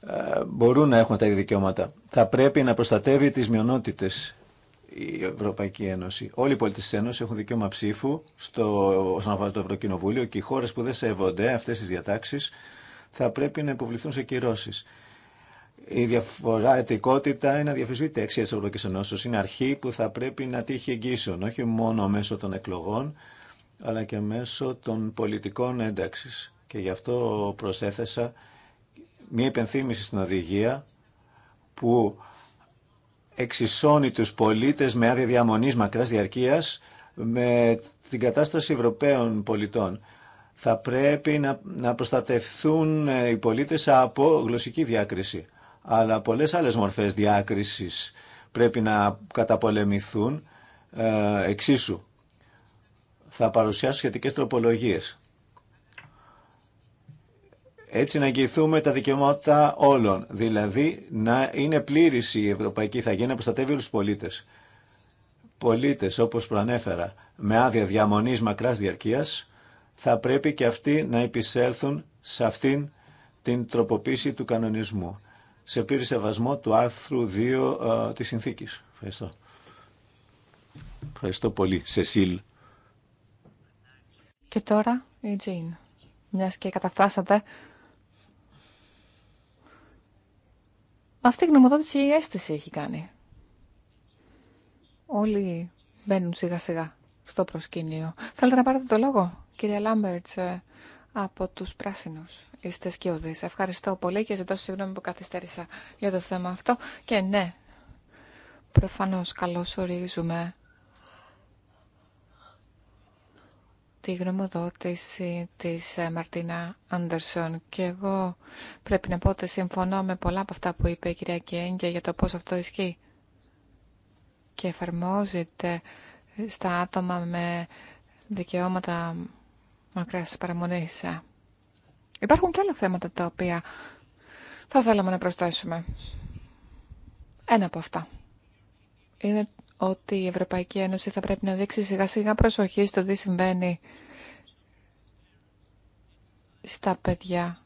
Speaker 2: ε, μπορούν να έχουν τα ίδια δικαιώματα. Θα πρέπει να προστατεύει τι μειονότητε η Ευρωπαϊκή Ένωση. Όλοι οι πολίτε τη Ένωση έχουν δικαίωμα ψήφου στο, όσον αφορά το Ευρωκοινοβούλιο και οι χώρε που δεν σέβονται αυτές τις διατάξεις θα πρέπει να υποβληθούν σε κυρώσει. Η διαφορά ετικότητα είναι αδιαφεσβήτη αξία τη Ευρωπαϊκή Ενώσεω. Είναι αρχή που θα πρέπει να τύχει εγγύσεων, όχι μόνο μέσω των εκλογών, αλλά και μέσω των πολιτικών ένταξης. Και γι' αυτό προσέθεσα μια υπενθύμηση στην οδηγία που εξισώνει τους πολίτες με άδεια διαμονής μακράς διαρκείας με την κατάσταση Ευρωπαίων πολιτών. Θα πρέπει να, να προστατευθούν ε, οι πολίτες από γλωσσική διάκριση, αλλά πολλές άλλες μορφές διάκρισης πρέπει να καταπολεμηθούν ε, εξίσου θα παρουσιάσω σχετικές τροπολογίες. Έτσι να εγγυηθούμε τα δικαιώματα όλων, δηλαδή να είναι πλήρης η Ευρωπαϊκή Ιθαγένεια να προστατεύει όλους τους πολίτες. Πολίτες, όπως προανέφερα, με άδεια διαμονής μακράς διαρκείας, θα πρέπει και αυτοί να επισέλθουν σε αυτήν την τροποποίηση του κανονισμού, σε πλήρη σεβασμό του άρθρου 2 uh, ε, της συνθήκης. Ευχαριστώ. Ευχαριστώ πολύ, Σεσίλ.
Speaker 3: Και τώρα η Τζιν. Μια και καταφτάσατε. Αυτή η γνωμοδότηση η αίσθηση έχει κάνει. Όλοι μπαίνουν σιγά σιγά στο προσκήνιο. Θέλετε να πάρετε το λόγο, κυρία Λάμπερτ ε, από τους πράσινους. Είστε σκιώδεις. Ευχαριστώ πολύ και ζητώ συγγνώμη που καθυστέρησα για το θέμα αυτό. Και ναι, προφανώς καλώς ορίζουμε τη γνωμοδότηση της ε, Μαρτίνα Άντερσον και εγώ πρέπει να πω ότι συμφωνώ με πολλά από αυτά που είπε η κυρία Κιέγγε για το πώς αυτό ισχύει και εφαρμόζεται στα άτομα με δικαιώματα μακράς παραμονής. Ε, υπάρχουν και άλλα θέματα τα οποία θα θέλαμε να προσθέσουμε. Ένα από αυτά είναι ότι η Ευρωπαϊκή Ένωση θα πρέπει να δείξει σιγά σιγά προσοχή στο τι συμβαίνει στα παιδιά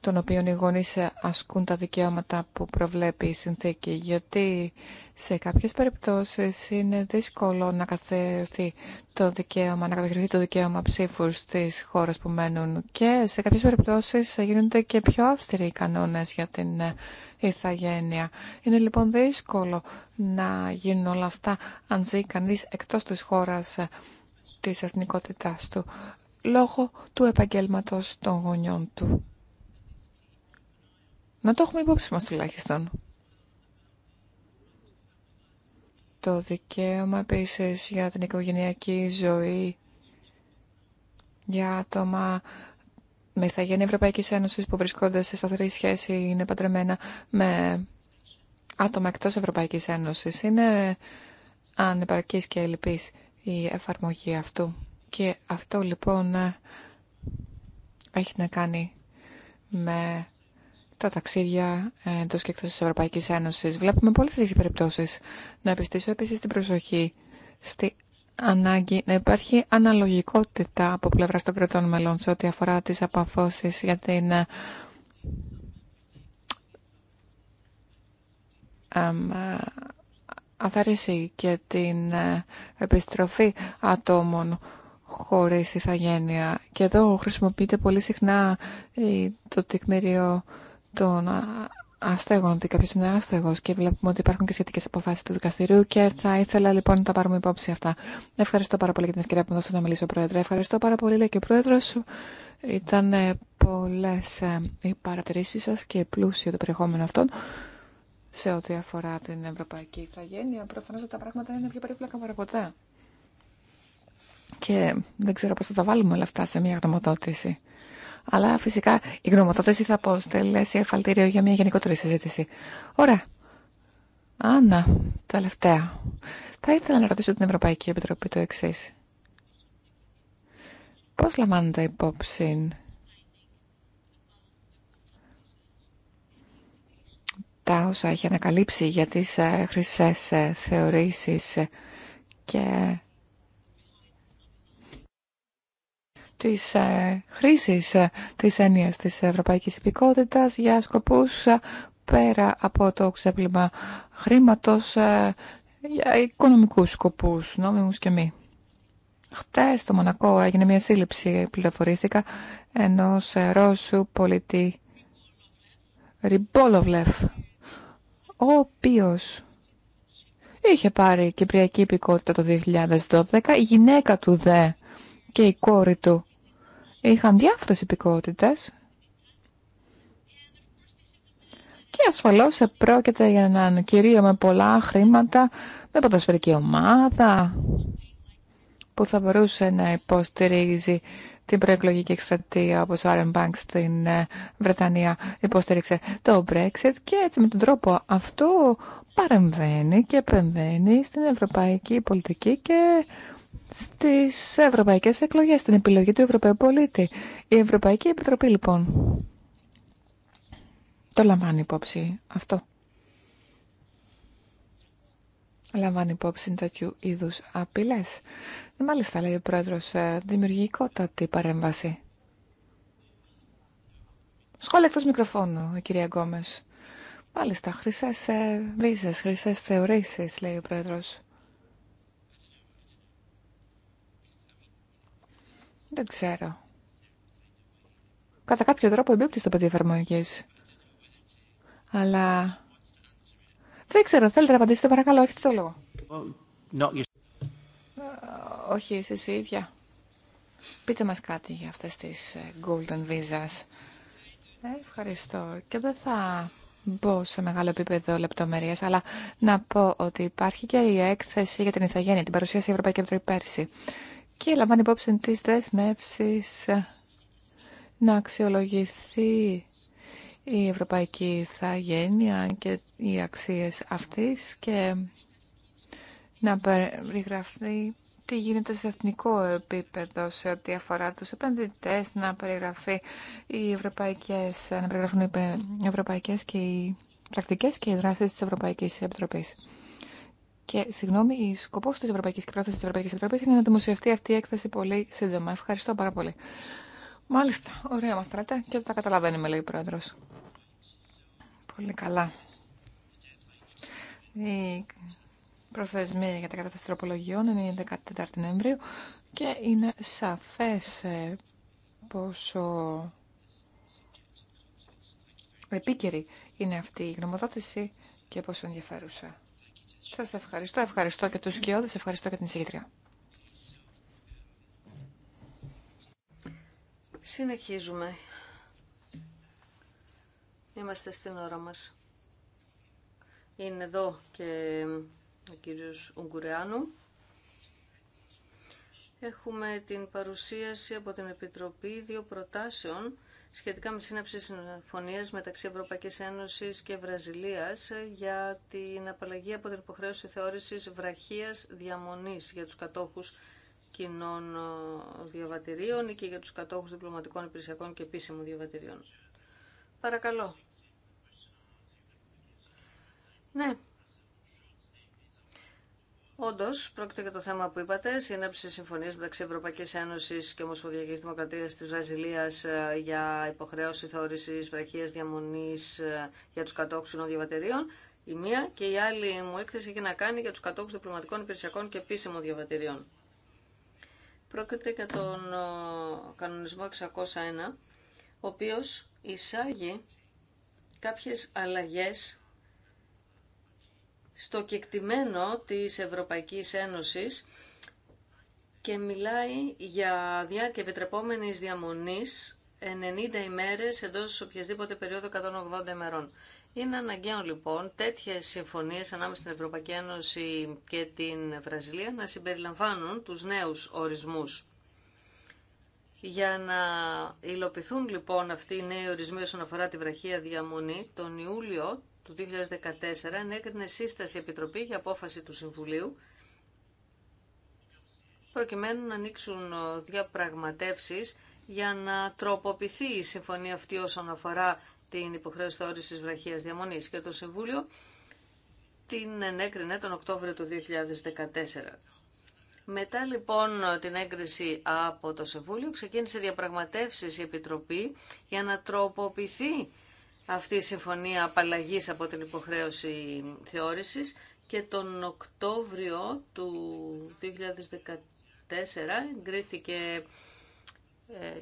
Speaker 3: των οποίων οι γονείς ασκούν τα δικαιώματα που προβλέπει η συνθήκη, γιατί σε κάποιες περιπτώσεις είναι δύσκολο να καθερθεί το δικαίωμα, να καταχρηθεί το δικαίωμα ψήφου στις χώρες που μένουν και σε κάποιες περιπτώσεις γίνονται και πιο αυστηροί οι κανόνες για την ηθαγένεια. Είναι λοιπόν δύσκολο να γίνουν όλα αυτά αν ζει κανείς εκτός της χώρας ε, της εθνικότητάς του λόγω του επαγγέλματος των γονιών του. Να το έχουμε υπόψη μας τουλάχιστον. Το δικαίωμα επίση για την οικογενειακή ζωή για άτομα με ηθαγένεια ευρωπαϊκή Ένωση που βρισκόνται σε σταθερή σχέση είναι παντρεμένα με άτομα εκτό Ευρωπαϊκής Ένωση. Είναι ανεπαρκη και ελλειπη η εφαρμογή αυτού. Και αυτό λοιπόν έχει να κάνει με τα ταξίδια εντό και εκτό τη Ευρωπαϊκή Ένωση. Βλέπουμε πολλέ τέτοιε περιπτώσει. Να επιστήσω επίση την προσοχή στη ανάγκη να υπάρχει αναλογικότητα από πλευρά των κρατών μελών σε ό,τι αφορά τι απαφώσει για την ε, αφαίρεση ε, και την ε, επιστροφή ατόμων χωρίς ηθαγένεια. Και εδώ χρησιμοποιείται πολύ συχνά το τεκμήριο των άστεγον, ότι κάποιο είναι άστεγο και βλέπουμε ότι υπάρχουν και σχετικέ αποφάσει του δικαστηρίου και θα ήθελα λοιπόν να τα πάρουμε υπόψη αυτά. Ευχαριστώ πάρα πολύ για την ευκαιρία που μου δώσατε να μιλήσω, Πρόεδρε. Ευχαριστώ πάρα πολύ, λέει και ο Πρόεδρο. Ήταν ε, πολλέ ε, οι παρατηρήσει σα και πλούσιο το περιεχόμενο αυτών σε ό,τι αφορά την ευρωπαϊκή ηθαγένεια. Προφανώ τα πράγματα είναι πιο περίπλοκα ποτέ Και δεν ξέρω πώ θα τα βάλουμε όλα αυτά σε μια γραμματότηση. Αλλά φυσικά η γνωμοτότηση θα πω, Σε εφαλτήριο για μια γενικότερη συζήτηση. Ωραία. Άννα, τελευταία. Θα ήθελα να ρωτήσω την Ευρωπαϊκή Επιτροπή το εξή. Πώ λαμβάνεται υπόψη τα όσα έχει ανακαλύψει για τις ε, χρυσές ε, θεωρήσεις και της ε, χρήσης ε, της έννοιας της ευρωπαϊκής υπηκότητας για σκοπούς ε, πέρα από το ξέπλυμα χρήματος ε, για οικονομικούς σκοπούς, νόμιμους και μη. Χτες στο Μονακό έγινε μια σύλληψη, πληροφορήθηκα, ενός Ρώσου πολιτή Ριμπόλοβλεφ, ο οποίος είχε πάρει κυπριακή υπηκότητα το 2012, η γυναίκα του δε και η κόρη του είχαν διάφορες υπηκότητες και ασφαλώς πρόκειται για έναν κυρίο με πολλά χρήματα, με ποδοσφαιρική ομάδα που θα μπορούσε να υποστηρίζει την προεκλογική εκστρατεία όπως ο Άρεν Μπάνκ στην ε, Βρετανία υποστήριξε το Brexit και έτσι με τον τρόπο αυτό παρεμβαίνει και επεμβαίνει στην ευρωπαϊκή πολιτική και Στι ευρωπαϊκέ εκλογέ στην επιλογή του Ευρωπαίου πολίτη. Η Ευρωπαϊκή Επιτροπή λοιπόν το λαμβάνει υπόψη αυτό. Λαμβάνει υπόψη τέτοιου είδου απειλέ. Μάλιστα λέει ο πρόεδρο, ε, δημιουργικότατη παρέμβαση. Σχόλια εκτό μικροφώνου, η κυρία Γκόμες. Μάλιστα, χρυσέ ε, βίζες, χρυσέ θεωρήσει, λέει ο πρόεδρο. Δεν ξέρω. Κατά κάποιο τρόπο εμπίπτει στο πεδίο εφαρμογή. Αλλά. Δεν ξέρω. Θέλετε να απαντήσετε, παρακαλώ. Έχετε το λόγο.
Speaker 1: Ε,
Speaker 3: όχι, εσεί η ίδια. Πείτε μας κάτι για αυτές τις ε, Golden Visas. Ε, ευχαριστώ. Και δεν θα μπω σε μεγάλο επίπεδο λεπτομέρειας, αλλά να πω ότι υπάρχει και η έκθεση για την Ιθαγένεια, την παρουσίαση Ευρωπαϊκή Επιτροπή πέρσι και λαμβάνει υπόψη τι δεσμεύση να αξιολογηθεί η ευρωπαϊκή θαγένεια και οι αξίες αυτής και να περιγραφεί τι γίνεται σε εθνικό επίπεδο σε ό,τι αφορά τους επενδυτές, να περιγραφεί οι ευρωπαϊκές, να περιγραφούν οι ευρωπαϊκές και οι πρακτικές και οι δράσεις της Ευρωπαϊκής Επιτροπής. Και συγγνώμη, ο σκοπό τη Ευρωπαϊκή και τη Ευρωπαϊκή Επιτροπή είναι να δημοσιευτεί αυτή η έκθεση πολύ σύντομα. Ευχαριστώ πάρα πολύ. Μάλιστα, ωραία μα τράτε και τα καταλαβαίνουμε, λέει ο πρόεδρο. Πολύ καλά. Η προθεσμία για τα κατάσταση οπολογιών είναι τροπολογιών είναι η 14 Νοεμβρίου και είναι σαφές ε, πόσο επίκαιρη είναι αυτή η γνωμοδότηση και πόσο ενδιαφέρουσα. Σας ευχαριστώ. Ευχαριστώ και τους κοιόδες. Ευχαριστώ και την εισηγήτρια.
Speaker 4: Συνεχίζουμε. Είμαστε στην ώρα μας. Είναι εδώ και ο κύριος Ουγγουρεάνου. Έχουμε την παρουσίαση από την Επιτροπή δύο προτάσεων σχετικά με σύναψη συμφωνία μεταξύ Ευρωπαϊκής Ένωσης και Βραζιλίας για την απαλλαγή από την υποχρέωση θεώρησης βραχίας διαμονής για τους κατόχους κοινών ε, διαβατηρίων και για τους κατόχους διπλωματικών υπηρεσιακών και επίσημων διαβατηρίων. Παρακαλώ. Ναι, Όντω, πρόκειται για το θέμα που είπατε, σύναψη συμφωνία μεταξύ Ευρωπαϊκή Ένωση και Ομοσπονδιακή Δημοκρατία τη Βραζιλία ε, για υποχρέωση θεώρηση βραχία διαμονή ε, για του κατόχου διαβατηρίων. Η μία και η άλλη μου έκθεση έχει να κάνει για του κατόχου διπλωματικών υπηρεσιακών και επίσημων διαβατηρίων. Πρόκειται για τον ε, κανονισμό 601, ο οποίο εισάγει κάποιε αλλαγέ στο κεκτημένο της Ευρωπαϊκής Ένωσης και μιλάει για διάρκεια επιτρεπόμενης διαμονής 90 ημέρες εντός οποιασδήποτε περίοδο 180 ημερών. Είναι αναγκαίο λοιπόν τέτοιες συμφωνίες ανάμεσα στην Ευρωπαϊκή Ένωση και την Βραζιλία να συμπεριλαμβάνουν τους νέους ορισμούς. Για να υλοποιηθούν λοιπόν αυτοί οι νέοι ορισμοί όσον αφορά τη βραχία διαμονή, τον Ιούλιο του 2014 ενέκρινε σύσταση Επιτροπή για απόφαση του Συμβουλίου προκειμένου να ανοίξουν ε, διαπραγματεύσεις για να τροποποιηθεί η συμφωνία αυτή όσον αφορά την υποχρέωση θεώρηση βραχίας διαμονής και το Συμβούλιο την ενέκρινε τον Οκτώβριο του 2014. Μετά λοιπόν την έγκριση από το Συμβούλιο ξεκίνησε διαπραγματεύσεις η Επιτροπή για να τροποποιηθεί αυτή η συμφωνία απαλλαγής από την υποχρέωση θεώρησης και τον Οκτώβριο του 2014 εγκρίθηκε, ε,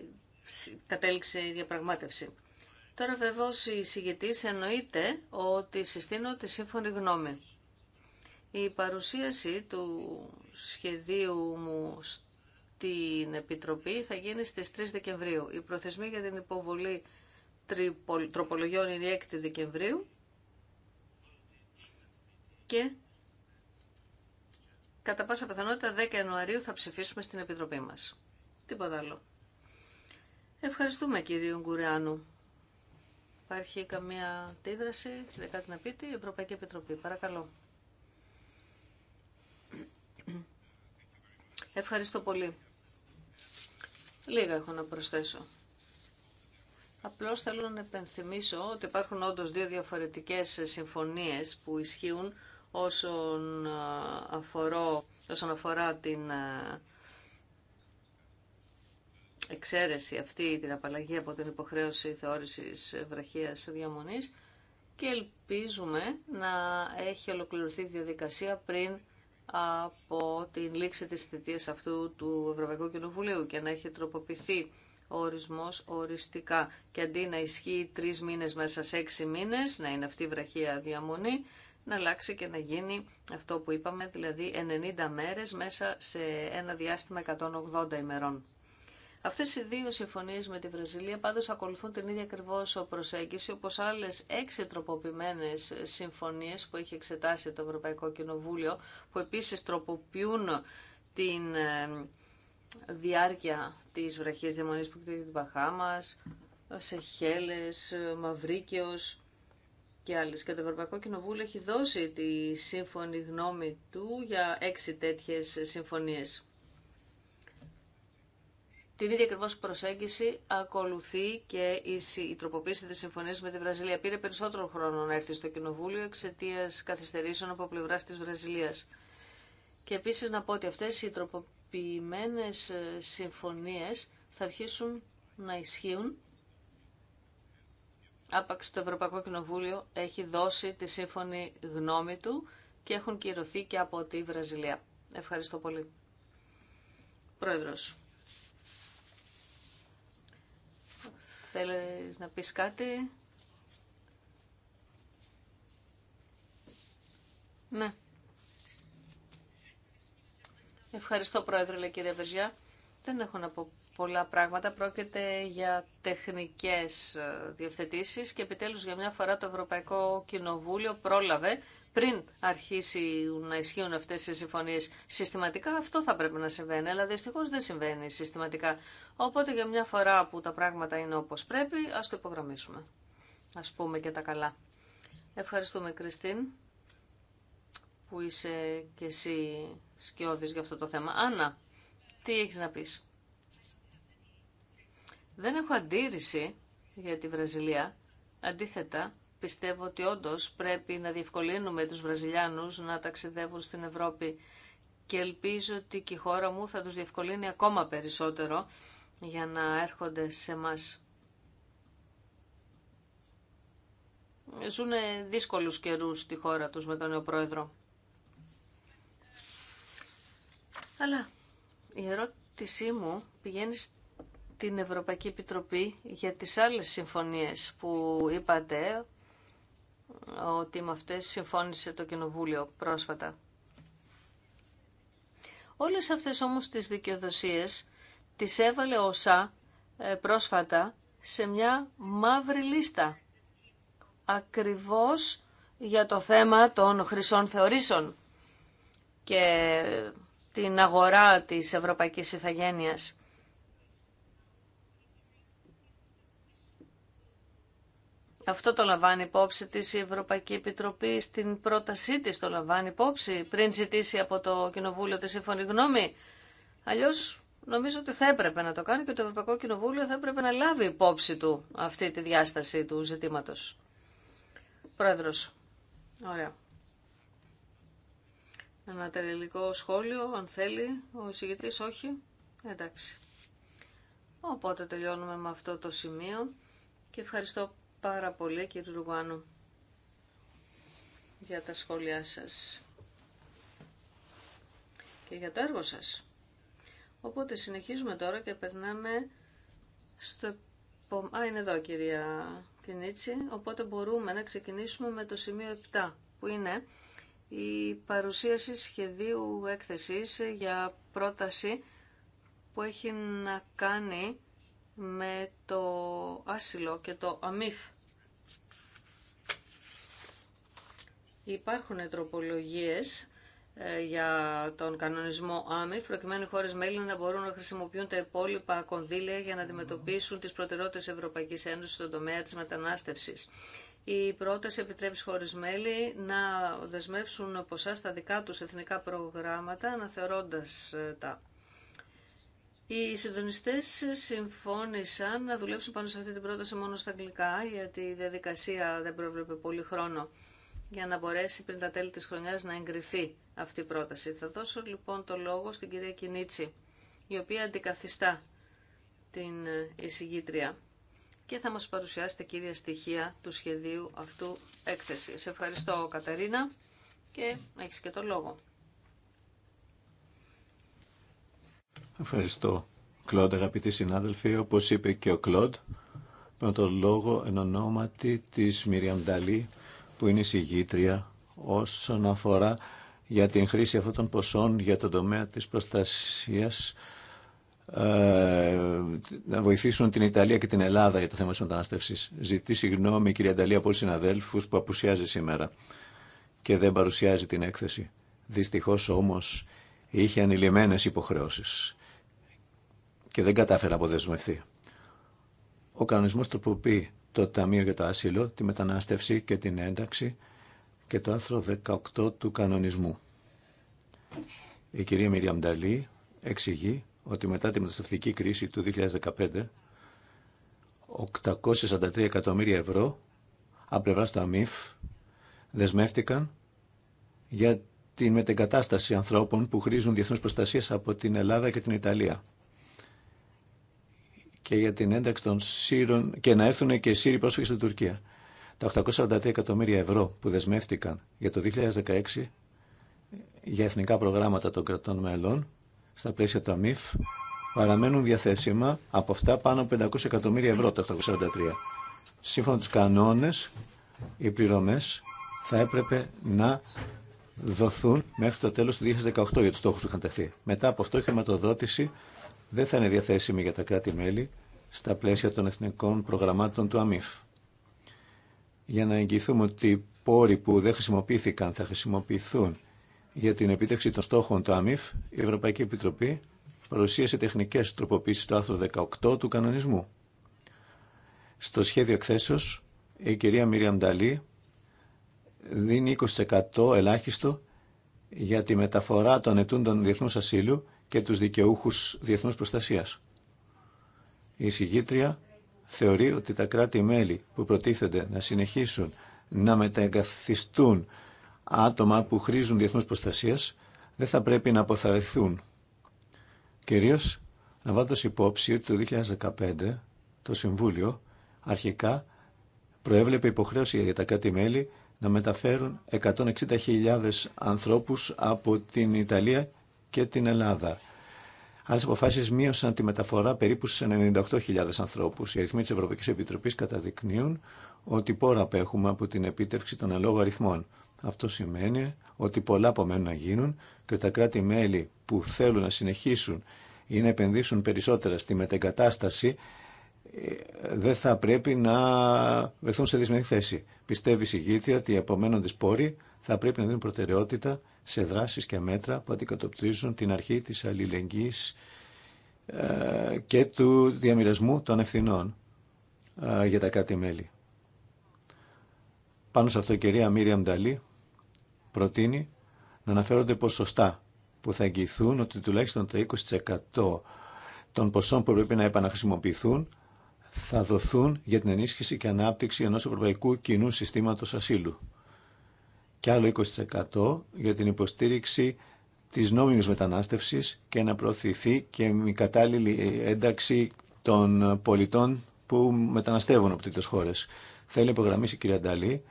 Speaker 4: κατέληξε η διαπραγμάτευση. Τώρα βεβαίως η εισηγητής εννοείται ότι συστήνω τη σύμφωνη γνώμη. Η παρουσίαση του σχεδίου μου στην Επιτροπή θα γίνει στις 3 Δεκεμβρίου. Η προθεσμία για την υποβολή τροπολογιών είναι η 6η Δεκεμβρίου και κατά πάσα πιθανότητα 10 Ιανουαρίου θα ψηφίσουμε στην Επιτροπή μας. Τίποτα άλλο. Ευχαριστούμε κύριε Γκουριάνου. Υπάρχει καμία αντίδραση, δεν κάτι να πείτε, η Ευρωπαϊκή Επιτροπή. Παρακαλώ. Ευχαριστώ πολύ. Λίγα έχω να προσθέσω. Απλώς θέλω να επενθυμίσω ότι υπάρχουν όντως δύο διαφορετικές συμφωνίες που ισχύουν όσον, ε, αφορώ, όσον αφορά την ε, εξαίρεση αυτή, την απαλλαγή από την υποχρέωση θεώρησης βραχίας διαμονής και ελπίζουμε να έχει ολοκληρωθεί η διαδικασία πριν από την λήξη της θητείας αυτού του Ευρωπαϊκού Κοινοβουλίου και να έχει τροποποιηθεί ορισμός οριστικά και αντί να ισχύει τρει μήνες μέσα σε έξι μήνες, να είναι αυτή η βραχία διαμονή, να αλλάξει και να γίνει αυτό που είπαμε, δηλαδή 90 μέρες μέσα σε ένα διάστημα 180 ημερών. Αυτές οι δύο συμφωνίες με τη Βραζιλία πάντως ακολουθούν την ίδια ακριβώ προσέγγιση όπως άλλες έξι τροποποιημένες συμφωνίες που έχει εξετάσει το Ευρωπαϊκό Κοινοβούλιο που επίσης τροποποιούν την ε, διάρκεια της βραχής διαμονής που εκτελεί την Παχάμας, Σεχέλες, Μαυρίκαιος και άλλες. Και το Ευρωπαϊκό Κοινοβούλιο έχει δώσει τη σύμφωνη γνώμη του για έξι τέτοιες συμφωνίες. Την ίδια ακριβώ προσέγγιση ακολουθεί και η τροποποίηση τη συμφωνία με τη Βραζιλία. Πήρε περισσότερο χρόνο να έρθει στο Κοινοβούλιο εξαιτία καθυστερήσεων από πλευρά τη Βραζιλία. Και επίση να πω ότι αυτέ οι ποιημένες ε, συμφωνίες θα αρχίσουν να ισχύουν άπαξ το Ευρωπαϊκό Κοινοβούλιο έχει δώσει τη σύμφωνη γνώμη του και έχουν κυρωθεί και από τη Βραζιλία. Ευχαριστώ πολύ. Πρόεδρος. Θέλεις να πεις κάτι. Ναι. Ευχαριστώ Πρόεδρε, λέει κυρία Βεζιά. Δεν έχω να πω πολλά πράγματα. Πρόκειται για τεχνικές ε, διευθετήσεις και επιτέλους για μια φορά το Ευρωπαϊκό Κοινοβούλιο πρόλαβε πριν αρχίσει να ισχύουν αυτές οι συμφωνίες συστηματικά, αυτό θα πρέπει να συμβαίνει. Αλλά δυστυχώ δεν συμβαίνει συστηματικά. Οπότε για μια φορά που τα πράγματα είναι όπως πρέπει, α το υπογραμμίσουμε. Ας πούμε και τα καλά. Ευχαριστούμε, Κριστίν, που είσαι και εσύ σκιώδης για αυτό το θέμα. Άννα, τι έχεις να πεις. Δεν έχω αντίρρηση για τη Βραζιλία. Αντίθετα, πιστεύω ότι όντως πρέπει να διευκολύνουμε τους Βραζιλιάνους να ταξιδεύουν στην Ευρώπη και ελπίζω ότι και η χώρα μου θα τους διευκολύνει ακόμα περισσότερο για να έρχονται σε μας. Ζούνε δύσκολους καιρούς στη χώρα τους με τον νέο πρόεδρο. Αλλά η ερώτησή μου πηγαίνει στην Ευρωπαϊκή Επιτροπή για τις άλλες συμφωνίες που είπατε ότι με αυτές συμφώνησε το Κοινοβούλιο πρόσφατα. Όλες αυτές όμως τις δικαιοδοσίες τις έβαλε όσα ε, πρόσφατα σε μια μαύρη λίστα. Ακριβώς για το θέμα των χρυσών θεωρήσεων. Και την αγορά της ευρωπαϊκής ιθαγένειας. Αυτό το λαμβάνει υπόψη της η Ευρωπαϊκή Επιτροπή στην πρότασή της το λαμβάνει υπόψη πριν ζητήσει από το Κοινοβούλιο τη σύμφωνη γνώμη. Αλλιώς νομίζω ότι θα έπρεπε να το κάνει και το Ευρωπαϊκό Κοινοβούλιο θα έπρεπε να λάβει υπόψη του αυτή τη διάσταση του ζητήματος. Πρόεδρος. Ωραία. Ένα τελικό σχόλιο, αν θέλει, ο εισηγητής όχι. Εντάξει. Οπότε τελειώνουμε με αυτό το σημείο και ευχαριστώ πάρα πολύ κύριε για τα σχόλιά σας και για το έργο σας. Οπότε συνεχίζουμε τώρα και περνάμε στο Α, είναι εδώ κυρία Κινίτσι, οπότε μπορούμε να ξεκινήσουμε με το σημείο 7 που είναι η παρουσίαση σχεδίου έκθεσης για πρόταση που έχει να κάνει με το άσυλο και το αμύφ. Υπάρχουν τροπολογίες ε, για τον κανονισμό άμυφ, προκειμένου οι χώρες μέλη να μπορούν να χρησιμοποιούν τα υπόλοιπα κονδύλια για να αντιμετωπίσουν τις προτεραιότητες Ευρωπαϊκής Ένωσης στον τομέα της μετανάστευσης η πρόταση επιτρέπει στις μέλη να δεσμεύσουν ποσά στα δικά τους εθνικά προγράμματα αναθεωρώντας ε, τα. Οι συντονιστέ συμφώνησαν να δουλέψουν πάνω σε αυτή την πρόταση μόνο στα αγγλικά γιατί η διαδικασία δεν προβλέπει πολύ χρόνο για να μπορέσει πριν τα τέλη της χρονιάς να εγκριθεί αυτή η πρόταση. Θα δώσω λοιπόν το λόγο στην κυρία Κινίτσι, η οποία αντικαθιστά την ε, εισηγήτρια και θα μας παρουσιάσετε κύρια στοιχεία του σχεδίου αυτού έκθεσης. Ευχαριστώ Καταρίνα και έχεις και το λόγο.
Speaker 2: Ευχαριστώ Κλοντ, αγαπητοί συνάδελφοι. Όπως είπε και ο Κλοντ, με τον λόγο εν ονόματι της Νταλή, που είναι η συγγήτρια όσον αφορά για την χρήση αυτών των ποσών για τον τομέα της προστασίας ε, να βοηθήσουν την Ιταλία και την Ελλάδα για το θέμα της μετανάστευση. Ζητεί συγγνώμη κυρία Νταλή, από όλους τους που απουσιάζει σήμερα και δεν παρουσιάζει την έκθεση. Δυστυχώ όμω είχε ανηλυμένε υποχρεώσει. και δεν κατάφερε να αποδεσμευτεί. Ο κανονισμό τροποποιεί το Ταμείο για το Άσυλο, τη μετανάστευση και την ένταξη και το άρθρο 18 του κανονισμού. Η κυρία Μυριαμνταλή εξηγεί ότι μετά τη μετασταυτική κρίση του 2015, 843 εκατομμύρια ευρώ από πλευρά του ΑΜΙΦ δεσμεύτηκαν για την μετεγκατάσταση ανθρώπων που χρήζουν διεθνούς προστασία από την Ελλάδα και την Ιταλία και για την ένταξη των Σύρων και να έρθουν και οι Σύροι πρόσφυγες στην Τουρκία. Τα 843 εκατομμύρια ευρώ που δεσμεύτηκαν για το 2016 για εθνικά προγράμματα των κρατών μελών στα πλαίσια του ΑΜΙΦ παραμένουν διαθέσιμα από αυτά πάνω από 500 εκατομμύρια ευρώ το 843. Σύμφωνα με τους κανόνες, οι πληρωμές θα έπρεπε να δοθούν μέχρι το τέλος του 2018 για τους στόχους που είχαν τεθεί. Μετά από αυτό η χρηματοδότηση δεν θα είναι διαθέσιμη για τα κράτη-μέλη στα πλαίσια των εθνικών προγραμμάτων του ΑΜΙΦ. Για να εγγυηθούμε ότι οι πόροι που δεν χρησιμοποιήθηκαν θα χρησιμοποιηθούν για την επίτευξη των στόχων του ΑΜΙΦ, η Ευρωπαϊκή Επιτροπή παρουσίασε τεχνικές τροποποίησεις του άρθρου 18 του κανονισμού. Στο σχέδιο εκθέσεω, η κυρία Μίρια Μνταλή δίνει 20% ελάχιστο για τη μεταφορά των ετούντων διεθνούς ασύλου και τους δικαιούχους διεθνούς προστασίας. Η συγγήτρια θεωρεί ότι τα κράτη-μέλη που προτίθενται να συνεχίσουν να μεταγκαθιστούν άτομα που χρήζουν διεθνούς προστασίας δεν θα πρέπει να αποθαρρυνθούν. Κυρίως λαμβάνοντας υπόψη ότι το 2015 το Συμβούλιο αρχικά προέβλεπε υποχρέωση για τα κράτη-μέλη να μεταφέρουν 160.000 ανθρώπους από την Ιταλία και την Ελλάδα. Άλλε αποφάσει μείωσαν τη μεταφορά περίπου σε 98.000 ανθρώπου. Οι αριθμοί τη Ευρωπαϊκή Επιτροπή καταδεικνύουν ότι πόρα απέχουμε από την επίτευξη των αλόγων αριθμών. Αυτό σημαίνει ότι πολλά απομένουν να γίνουν και τα κράτη-μέλη που θέλουν να συνεχίσουν ή να επενδύσουν περισσότερα στη μετεγκατάσταση ε, δεν θα πρέπει να βρεθούν σε δυσμενή θέση. Πιστεύει η ότι οι απομένοντες πόροι θα πρέπει να δίνουν προτεραιότητα σε δράσεις και μέτρα που αντικατοπτρίζουν την αρχή της αλληλεγγύης ε, και του διαμοιρασμού των ευθυνών ε, για τα κράτη-μέλη. Πάνω σε αυτό η κυρία Μίρια Μνταλή προτείνει να αναφέρονται ποσοστά που θα εγγυηθούν ότι τουλάχιστον το 20% των ποσών που πρέπει να επαναχρησιμοποιηθούν θα δοθούν για την ενίσχυση και ανάπτυξη ενός ευρωπαϊκού κοινού συστήματος ασύλου. Και άλλο 20% για την υποστήριξη της νόμιμης μετανάστευσης και να προωθηθεί και η κατάλληλη ένταξη των πολιτών που μεταναστεύουν από τέτοιες χώρες. Θέλει να υπογραμμίσει η κυρία Νταλή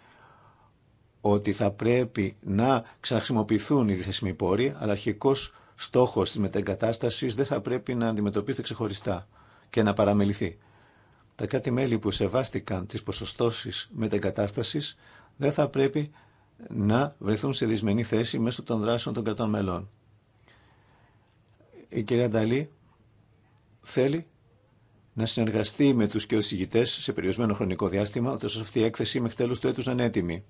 Speaker 2: ότι θα πρέπει να ξαναχρησιμοποιηθούν οι διθεσμοί πόροι, αλλά αρχικό στόχο τη μετεγκατάσταση δεν θα πρέπει να αντιμετωπίσει ξεχωριστά και να παραμεληθεί. Τα κράτη-μέλη που σεβάστηκαν τι ποσοστώσει μετεγκατάσταση δεν θα πρέπει να βρεθούν σε δυσμενή θέση μέσω των δράσεων των κρατών μελών. Η κυρία Νταλή θέλει να συνεργαστεί με του και σε περιορισμένο χρονικό διάστημα, ώστε αυτή η έκθεση μέχρι τέλου του έτου να είναι έτοιμη.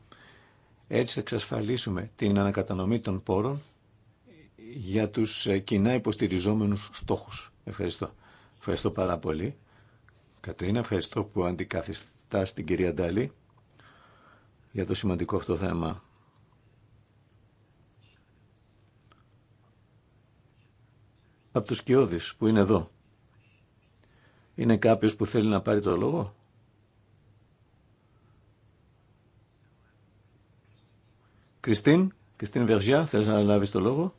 Speaker 2: Έτσι θα εξασφαλίσουμε την ανακατανομή των πόρων για τους ε, κοινά υποστηριζόμενους στόχους. Ευχαριστώ. Ευχαριστώ πάρα πολύ. Κατρίνα, ευχαριστώ που αντικαθιστά την κυρία Ντάλη για το σημαντικό αυτό θέμα. Από τους Κιώδης που είναι εδώ. Είναι κάποιος που θέλει να πάρει το λόγο. Κριστίν, Κριστίν Βεργιά, θέλεις να λάβεις το λόγο.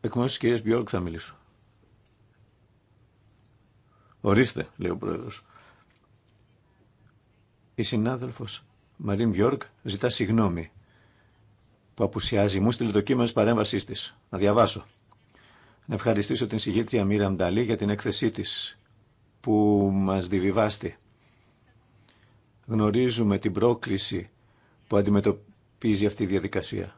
Speaker 2: Εκ μέρους της κυρίας θα μιλήσω. Ορίστε, λέει ο πρόεδρος. Η συνάδελφος Μαρίν Μπιόρκ ζητά συγγνώμη που απουσιάζει. Μου στη το κείμενο της παρέμβασής της. Να διαβάσω. Να ευχαριστήσω την συγγήτρια Μίρα Μταλή για την έκθεσή της που μας διβιβάστη γνωρίζουμε την πρόκληση που αντιμετωπίζει αυτή η διαδικασία.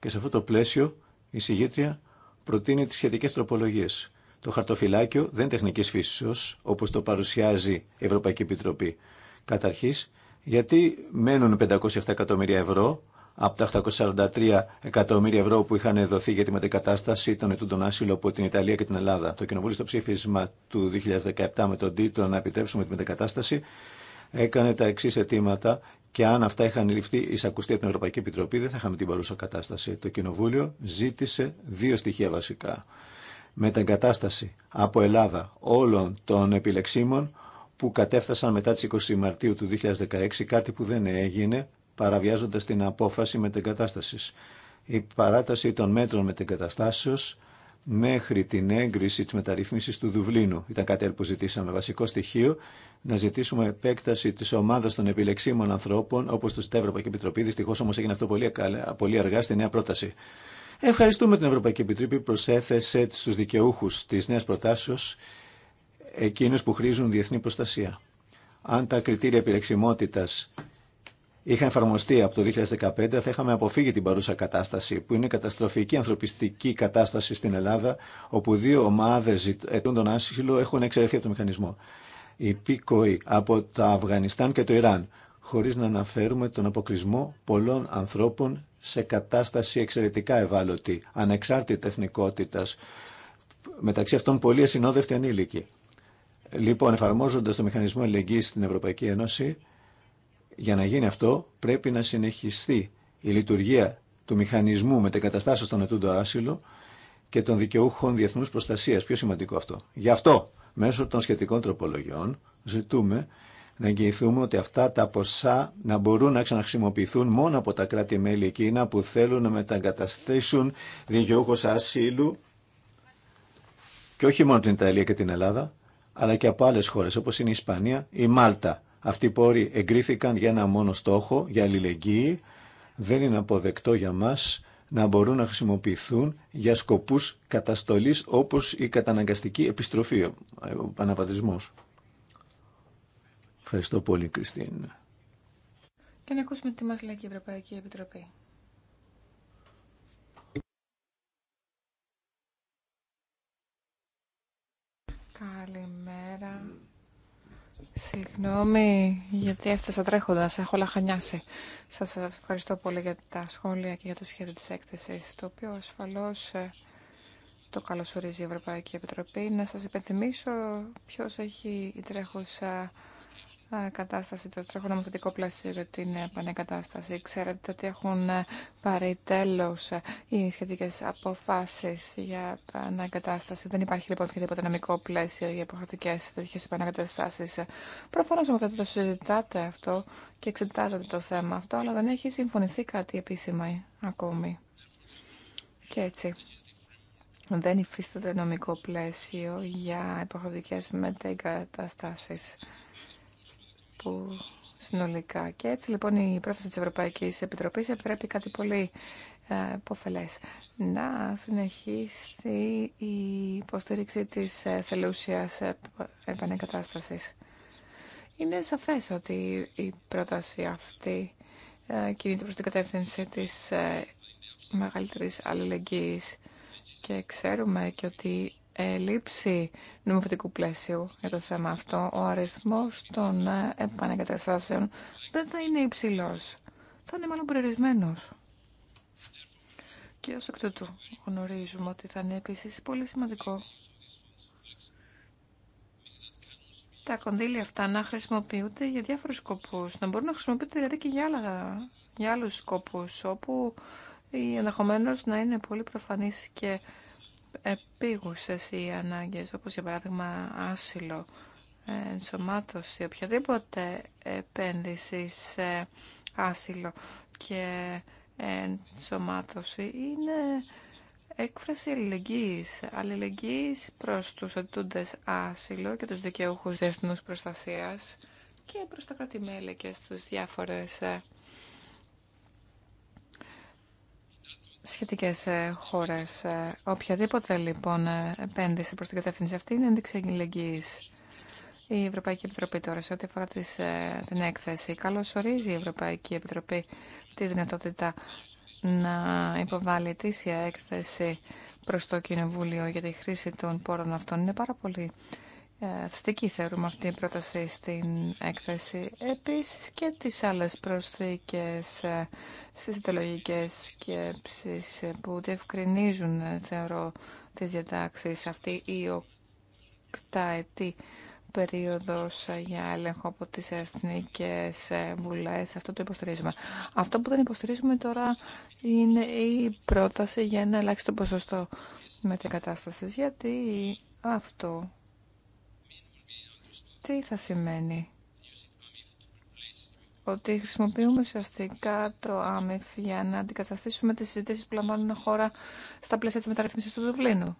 Speaker 2: Και σε αυτό το πλαίσιο η συγγήτρια προτείνει τις σχετικές τροπολογίες. Το χαρτοφυλάκιο δεν τεχνικής φύσης, όπως το παρουσιάζει η Ευρωπαϊκή Επιτροπή. Καταρχής, γιατί μένουν 507 εκατομμύρια ευρώ από τα 843 εκατομμύρια ευρώ που είχαν δοθεί για τη μετακατάσταση των ετούντων άσυλο από την Ιταλία και την Ελλάδα. Το Κοινοβούλιο στο ψήφισμα του 2017 με τον τίτλο να επιτρέψουμε τη μετακατάσταση έκανε τα εξή αιτήματα και αν αυτά είχαν ληφθεί εισακουστεί από την Ευρωπαϊκή Επιτροπή δεν θα είχαμε την παρούσα κατάσταση. Το Κοινοβούλιο ζήτησε δύο στοιχεία βασικά. Μεταγκατάσταση από Ελλάδα όλων των επιλεξίμων που κατέφτασαν μετά τις 20 Μαρτίου του 2016, κάτι που δεν έγινε παραβιάζοντας την απόφαση μετεγκατάστασης. Η παράταση των μέτρων μετεγκαταστάσεως μέχρι την έγκριση της μεταρρύθμισης του Δουβλίνου. Ήταν κάτι που ζητήσαμε. Βασικό στοιχείο να ζητήσουμε επέκταση της ομάδας των επιλεξίμων ανθρώπων όπως του στην Ευρωπαϊκή Επιτροπή. Δυστυχώς όμως έγινε αυτό πολύ, πολύ αργά στη νέα πρόταση. Ευχαριστούμε την Ευρωπαϊκή Επιτροπή που προσέθεσε στους δικαιούχους της νέας προτάσεως εκείνους που χρήζουν διεθνή προστασία. Αν τα κριτήρια επιλεξιμότητας είχαν εφαρμοστεί από το 2015 θα είχαμε αποφύγει την παρούσα κατάσταση που είναι καταστροφική ανθρωπιστική κατάσταση στην Ελλάδα όπου δύο ομάδε ετών τον άσυλο έχουν εξαιρεθεί από το μηχανισμό. Η ΠΚΟΗ e από το Αφγανιστάν και το Ιράν χωρί να αναφέρουμε τον αποκρισμό πολλών ανθρώπων σε κατάσταση εξαιρετικά ευάλωτη, ανεξάρτητη εθνικότητα μεταξύ αυτών πολλοί ασυνόδευτοι ανήλικοι. Λοιπόν, εφαρμόζοντα το μηχανισμό ελληνική στην Ευρωπαϊκή Ένωση, για να γίνει αυτό πρέπει να συνεχιστεί η λειτουργία του μηχανισμού μετεκαταστάσεως των ετούντων άσυλο και των δικαιούχων διεθνούς προστασίας. Πιο σημαντικό αυτό. Γι' αυτό, μέσω των σχετικών τροπολογιών, ζητούμε να εγγυηθούμε ότι αυτά τα ποσά να μπορούν να ξαναχρησιμοποιηθούν μόνο από τα κράτη-μέλη εκείνα που θέλουν να μεταγκαταστήσουν δικαιούχους ασύλου και όχι μόνο την Ιταλία και την Ελλάδα, αλλά και από άλλες χώρες όπως είναι η Ισπανία ή Μάλτα αυτοί οι πόροι εγκρίθηκαν για ένα μόνο στόχο, για αλληλεγγύη. Δεν είναι αποδεκτό για μας να μπορούν να χρησιμοποιηθούν για σκοπούς καταστολής όπως η καταναγκαστική επιστροφή, ο αναπατρισμός. Ευχαριστώ πολύ, Κριστίν.
Speaker 3: Και να ακούσουμε τι μας λέει και η Ευρωπαϊκή Επιτροπή. Καλημέρα. Συγγνώμη, γιατί έφτασα τρέχοντα. Έχω λαχανιάσει. Σα ευχαριστώ πολύ για τα σχόλια και για το σχέδιο τη έκθεση, το οποίο ασφαλώ ε, το καλωσορίζει η Ευρωπαϊκή Επιτροπή. Να σα υπενθυμίσω ποιο έχει η τρέχουσα ε, κατάσταση, το τρέχον νομοθετικό πλαίσιο για την επανεκατάσταση. Ξέρετε ότι έχουν ε, πάρει τέλο ε, οι σχετικέ αποφάσει για επανεκατάσταση. Δεν υπάρχει λοιπόν οποιοδήποτε νομικό πλαίσιο για υποχρεωτικέ τέτοιε επανεκαταστάσει. Προφανώ όμω το συζητάτε αυτό και εξετάζετε το θέμα αυτό, αλλά δεν έχει συμφωνηθεί κάτι επίσημα ακόμη. Και έτσι. Δεν υφίσταται νομικό πλαίσιο για υποχρεωτικές μετεγκαταστάσεις που συνολικά. Και έτσι λοιπόν η πρόταση της Ευρωπαϊκής Επιτροπής επιτρέπει κάτι πολύ ε, υποφελές. Να συνεχίσει η υποστήριξη της ε, θελούσιας επανεκατάστασης. Είναι σαφές ότι η πρόταση αυτή ε, κινείται προς την κατεύθυνση της μεγαλύτερης αλληλεγγύης και ξέρουμε και ότι λήψη νομοθετικού πλαίσιου για το θέμα αυτό, ο αριθμός των ε, επανεκαταστάσεων δεν θα είναι υψηλός. Θα είναι μάλλον περιορισμένος. Και ως εκ τούτου γνωρίζουμε ότι θα είναι επίσης πολύ σημαντικό τα κονδύλια αυτά να χρησιμοποιούνται για διάφορους σκοπούς, να μπορούν να χρησιμοποιούνται δηλαδή και για, άλλα, άλλους σκοπούς, όπου ενδεχομένω να είναι πολύ προφανής και επίγουσες οι ανάγκες, όπως για παράδειγμα άσυλο, ενσωμάτωση, οποιαδήποτε επένδυση σε άσυλο και ενσωμάτωση είναι έκφραση αλληλεγγύης, αλληλεγγύης προς τους αντούντες άσυλο και τους δικαιούχους διεθνούς προστασίας και προς τα κρατημέλη και στους διάφορες σχετικές ε, χώρες. Ε, οποιαδήποτε λοιπόν ε, επένδυση προς την κατεύθυνση αυτή είναι ένδειξη εγγυλεγγύης. Η Ευρωπαϊκή Επιτροπή τώρα σε ό,τι αφορά την έκθεση ορίζει η Ευρωπαϊκή Επιτροπή τη δυνατότητα να υποβάλει ετήσια έκθεση προς το Κοινοβούλιο για τη χρήση των πόρων αυτών. Είναι πάρα πολύ ε, θετική θεωρούμε αυτή η πρόταση στην έκθεση. Επίσης και τις άλλες προσθήκες ε, στις ιδεολογικές σκέψεις ε, που διευκρινίζουν, θεωρώ, τις διατάξεις αυτή η οκταετή περίοδος για έλεγχο από τις εθνικές βουλές. Αυτό το υποστηρίζουμε. Αυτό που δεν υποστηρίζουμε τώρα είναι η πρόταση για αλλάξει το ποσοστό μετακατάστασης, γιατί αυτό τι θα σημαίνει. Ότι χρησιμοποιούμε ουσιαστικά το άμεφ για να αντικαταστήσουμε τις συζητήσεις που λαμβάνουν χώρα στα πλαίσια της μεταρρύθμισης του Δουβλίνου.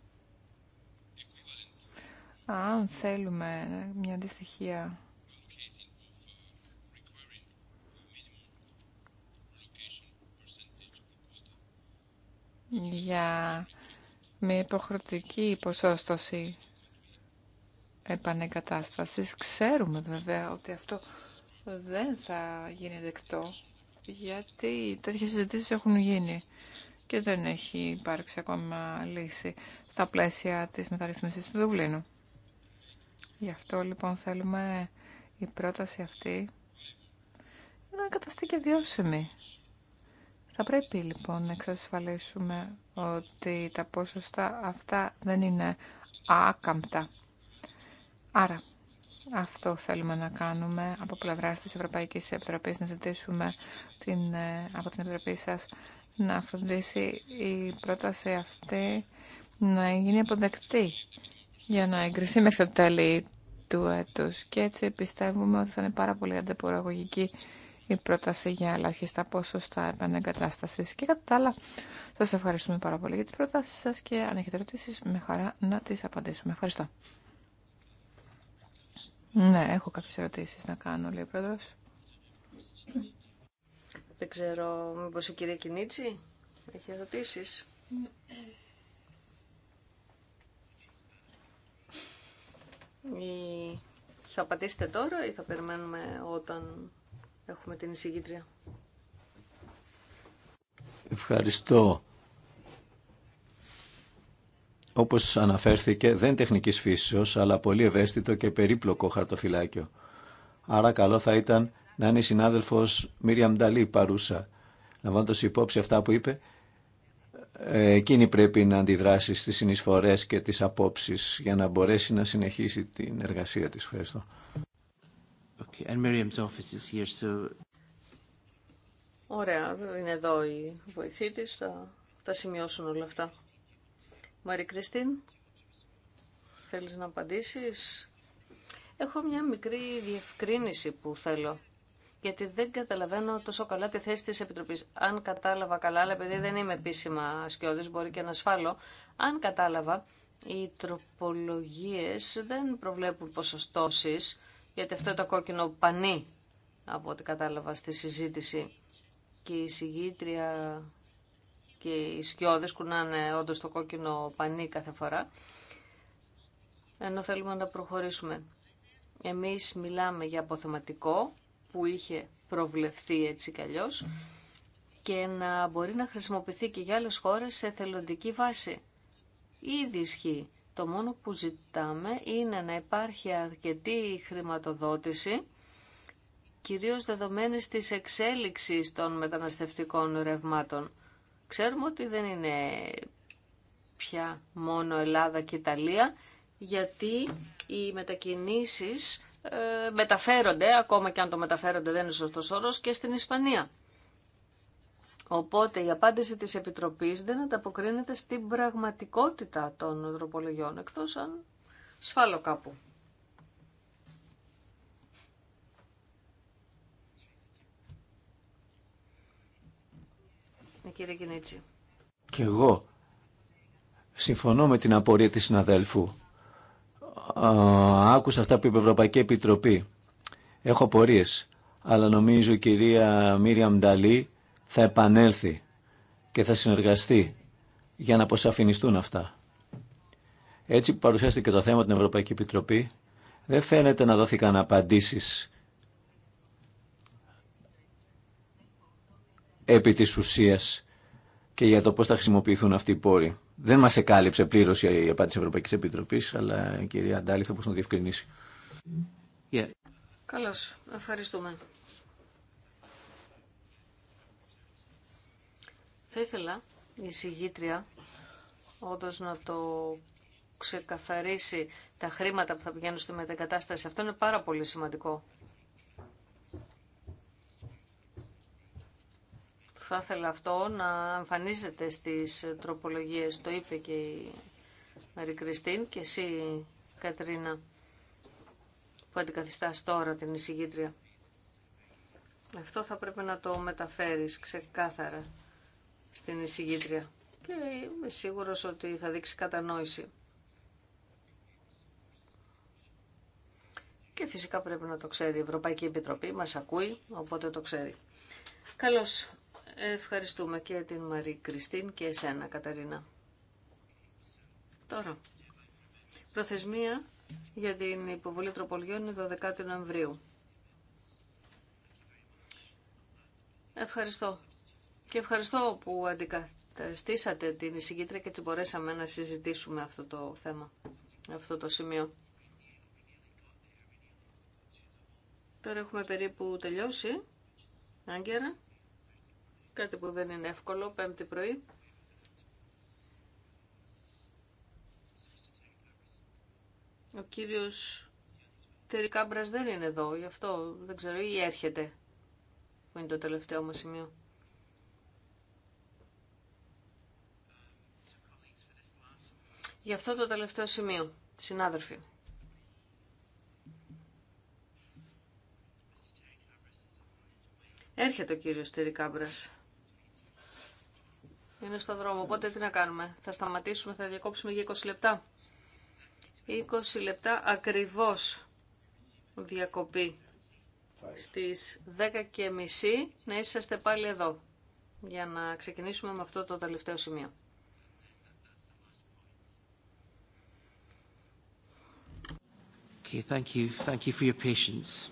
Speaker 3: Αν θέλουμε μια αντιστοιχεία για μια υποχρεωτική ποσόστοση επανεγκατάστασης. Ξέρουμε βέβαια ότι αυτό δεν θα γίνει δεκτό, γιατί τέτοιες συζητήσει έχουν γίνει και δεν έχει υπάρξει ακόμα λύση στα πλαίσια της μεταρρύθμισης του Δουβλίνου. Γι' αυτό λοιπόν θέλουμε η πρόταση αυτή να καταστεί και βιώσιμη. Θα πρέπει λοιπόν να εξασφαλίσουμε ότι τα ποσοστά αυτά δεν είναι άκαμπτα Άρα, αυτό θέλουμε να κάνουμε από πλευρά τη Ευρωπαϊκή Επιτροπή, να ζητήσουμε την, ε, από την Επιτροπή σα να φροντίσει η πρόταση αυτή να γίνει αποδεκτή για να εγκριθεί μέχρι το τέλη του έτους. Και έτσι πιστεύουμε ότι θα είναι πάρα πολύ αντεπορογωγική η πρόταση για ελαχιστά ποσοστά επανεγκατάστασης. Και κατά τα άλλα, σας ευχαριστούμε πάρα πολύ για τις προτάσεις σας και αν έχετε ερωτήσεις, με χαρά να τις απαντήσουμε. Ευχαριστώ. Ναι, έχω κάποιες ερωτήσεις να κάνω, λέει ο Πρόεδρος.
Speaker 4: Δεν ξέρω, μήπως η κυρία Κινίτσι έχει ερωτήσεις. Ή θα απαντήσετε τώρα ή θα περιμένουμε όταν έχουμε την εισηγήτρια.
Speaker 2: Ευχαριστώ όπως αναφέρθηκε, δεν τεχνικής φύσεως, αλλά πολύ ευαίσθητο και περίπλοκο χαρτοφυλάκιο. Άρα καλό θα ήταν να είναι η συνάδελφος Μίρια Μνταλή παρούσα. Λαμβάνοντας υπόψη αυτά που είπε, ε, εκείνη πρέπει να αντιδράσει στις συνεισφορές και τις απόψεις για να μπορέσει να συνεχίσει την εργασία της. Ευχαριστώ. Okay,
Speaker 4: Ωραία, είναι εδώ η βοηθή της, θα τα σημειώσουν όλα αυτά. Μαρή Κριστίν, θέλεις να απαντήσεις. Έχω μια μικρή διευκρίνηση που θέλω. Γιατί δεν καταλαβαίνω τόσο καλά τη θέση της Επιτροπής. Αν κατάλαβα καλά, αλλά επειδή δεν είμαι επίσημα σκιώδης, μπορεί και να ασφάλω. Αν κατάλαβα, οι τροπολογίες δεν προβλέπουν ποσοστώσεις, γιατί αυτό το κόκκινο πανί, από ό,τι κατάλαβα στη συζήτηση, και η συγγήτρια και οι σκιώδες κουνάνε όντως το κόκκινο πανί κάθε φορά, ενώ θέλουμε να προχωρήσουμε. Εμείς μιλάμε για αποθεματικό που είχε προβλεφθεί έτσι κι αλλιώς, και να μπορεί να χρησιμοποιηθεί και για άλλες χώρες σε θελοντική βάση. Ήδη ισχύει. Το μόνο που ζητάμε είναι να υπάρχει αρκετή χρηματοδότηση, κυρίως δεδομένης της εξέλιξης των μεταναστευτικών ρευμάτων. Ξέρουμε ότι δεν είναι πια μόνο Ελλάδα και Ιταλία, γιατί οι μετακινήσεις ε, μεταφέρονται, ακόμα και αν το μεταφέρονται δεν είναι σωστός όρος, και στην Ισπανία. Οπότε η απάντηση της Επιτροπής δεν ανταποκρίνεται στην πραγματικότητα των τροπολογιών, εκτός αν σφάλω κάπου. κύριε Κινίτσι.
Speaker 2: Και εγώ συμφωνώ με την απορία της συναδέλφου. Άκουσα αυτά που είπε η Ευρωπαϊκή Επιτροπή. Έχω απορίες, αλλά νομίζω η κυρία Μίρια Μνταλή θα επανέλθει και θα συνεργαστεί για να αποσαφινιστούν αυτά. Έτσι που παρουσιάστηκε το θέμα την Ευρωπαϊκή Επιτροπή, δεν φαίνεται να δόθηκαν απαντήσεις επί της ουσίας και για το πώς θα χρησιμοποιηθούν αυτοί οι πόροι. Δεν μας εκάλυψε πλήρως η απάντηση της Ευρωπαϊκής Επιτροπής, αλλά η κυρία Αντάλη θα μπορούσε να διευκρινίσει. Yeah.
Speaker 4: Καλώς. Ευχαριστούμε. Θα ήθελα η συγγήτρια όντω να το ξεκαθαρίσει τα χρήματα που θα πηγαίνουν στη μετακατάσταση. Αυτό είναι πάρα πολύ σημαντικό. θα ήθελα αυτό να εμφανίζεται στις τροπολογίες. Το είπε και η Μαρή Κριστίν και εσύ Κατρίνα που αντικαθιστάς τώρα την εισηγήτρια. Αυτό θα πρέπει να το μεταφέρεις ξεκάθαρα στην εισηγήτρια και είμαι σίγουρος ότι θα δείξει κατανόηση. Και φυσικά πρέπει να το ξέρει η Ευρωπαϊκή Επιτροπή, μας ακούει, οπότε το ξέρει. Καλώς, Ευχαριστούμε και την Μαρή Κριστίν και εσένα, Καταρίνα. Τώρα, προθεσμία για την υποβολή τροπολιών είναι 12 Νοεμβρίου. Ευχαριστώ. Και ευχαριστώ που αντικαταστήσατε την εισηγήτρια και έτσι μπορέσαμε να συζητήσουμε αυτό το θέμα, αυτό το σημείο. Τώρα έχουμε περίπου τελειώσει. άγγερα. Κάτι που δεν είναι εύκολο, πέμπτη πρωί. Ο κύριος Τερικάμπρας δεν είναι εδώ, γι' αυτό δεν ξέρω ή έρχεται, που είναι το τελευταίο μας σημείο. Γι' αυτό το τελευταίο σημείο, συνάδελφοι. Έρχεται ο κύριος Τερικάμπρας. Είναι στον δρόμο. Οπότε τι να κάνουμε. Θα σταματήσουμε, θα διακόψουμε για 20 λεπτά. 20 λεπτά ακριβώς διακοπή. Στις 10 και μισή να είσαστε πάλι εδώ για να ξεκινήσουμε με αυτό το τελευταίο σημείο.
Speaker 1: Okay, thank you. Thank you for your patience.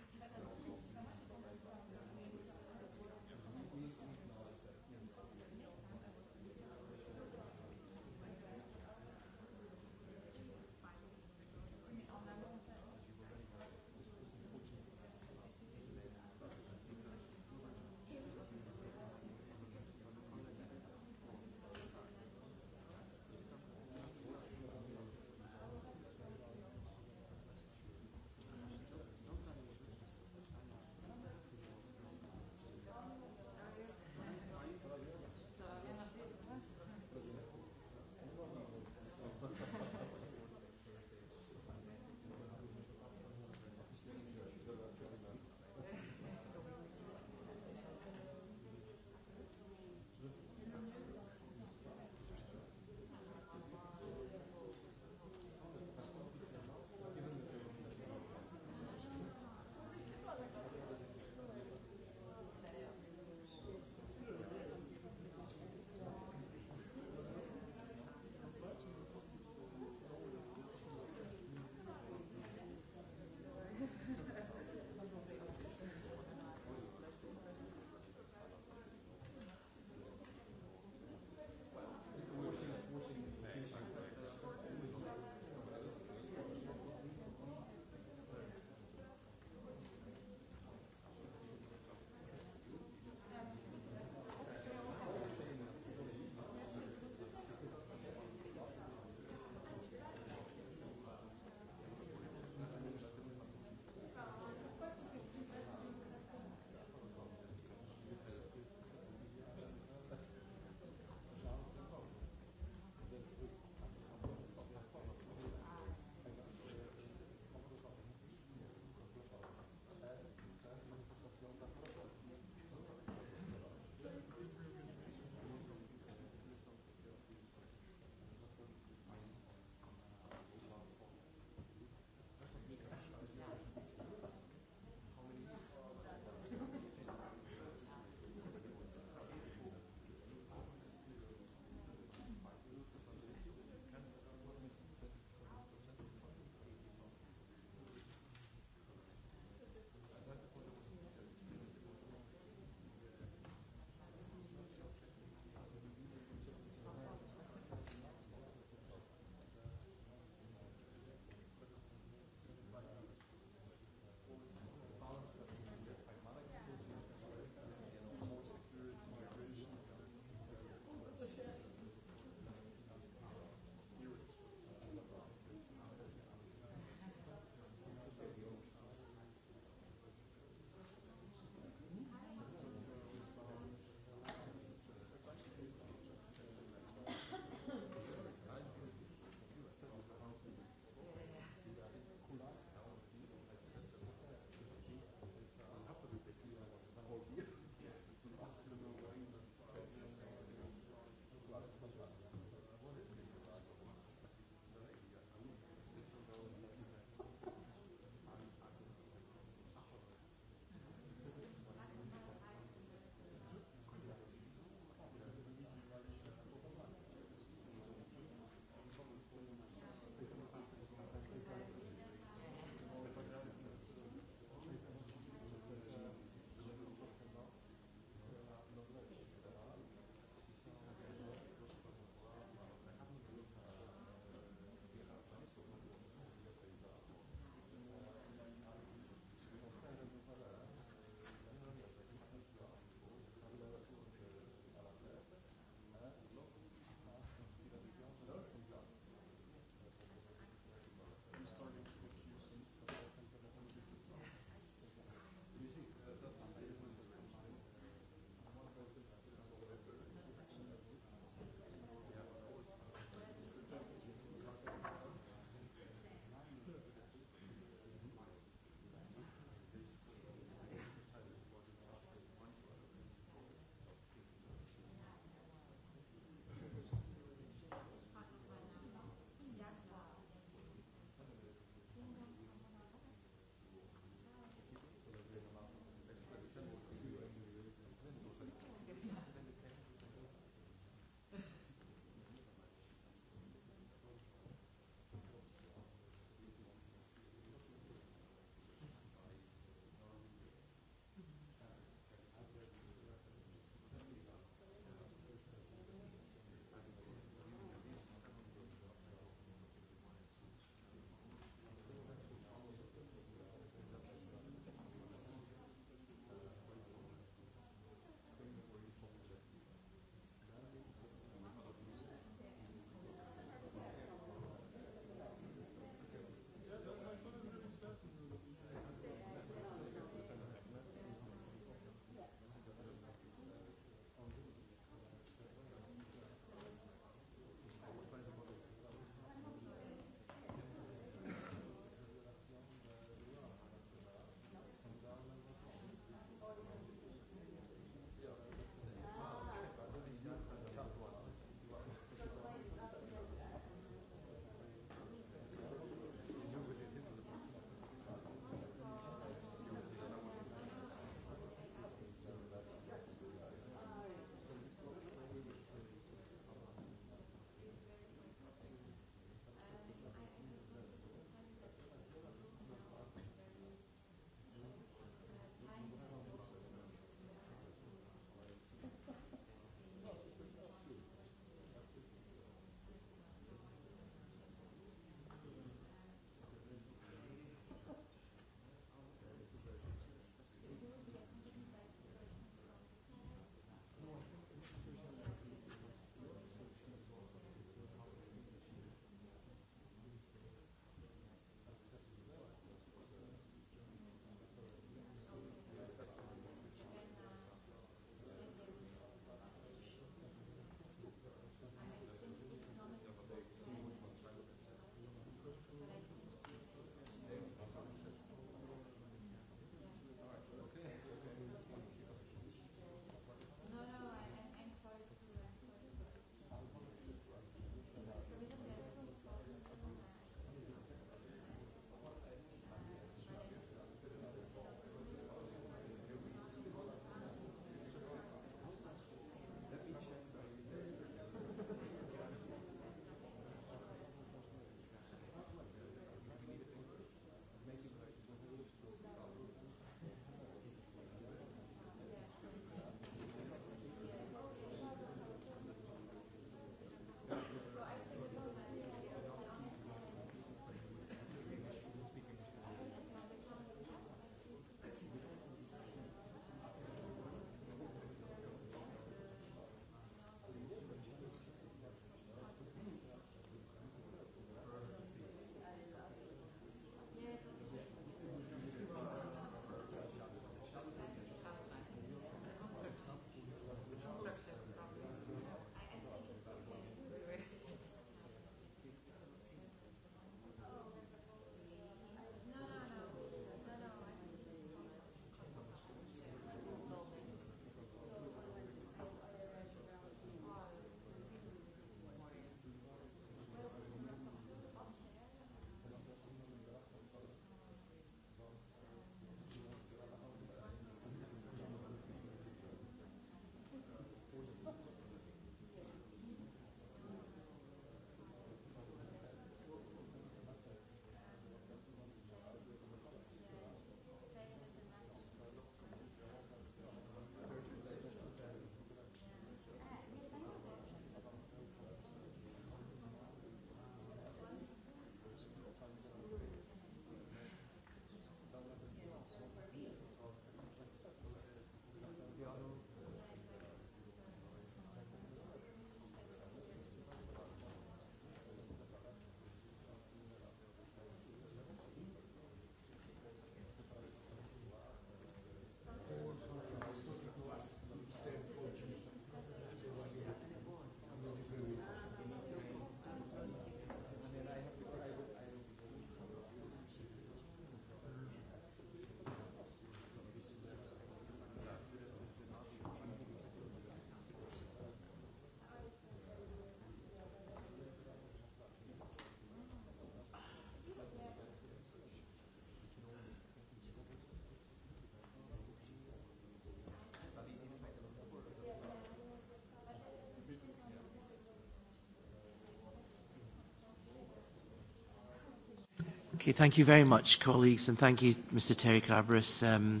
Speaker 1: Okay, thank you very much, colleagues, and thank you, Mr. Terry Cabras, um,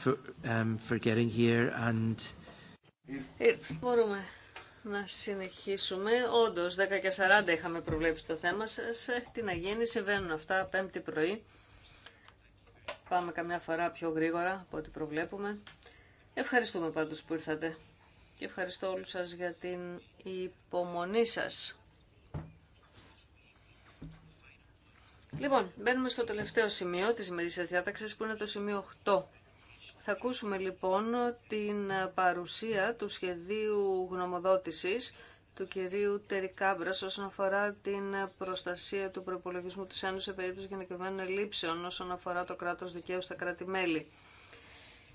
Speaker 1: for, um, for getting here and...
Speaker 4: it's μπορούμε να συνεχίσουμε. Όντω, 10 και 40 είχαμε προβλέψει το θέμα σα. Τι να γίνει, συμβαίνουν αυτά πέμπτη πρωί. Πάμε καμιά φορά πιο γρήγορα από ό,τι προβλέπουμε. Ευχαριστούμε πάντως που ήρθατε και ευχαριστώ όλους σας για την υπομονή σας. Λοιπόν, μπαίνουμε στο τελευταίο σημείο της ημερήσιας διάταξης που είναι το σημείο 8. Θα ακούσουμε λοιπόν την παρουσία του σχεδίου γνωμοδότησης του κυρίου Τερικάμπρα όσον αφορά την προστασία του προπολογισμού της Ένωσης σε περίπτωση γενικευμένων ελλείψεων όσον αφορά το κράτος δικαίου στα κράτη-μέλη.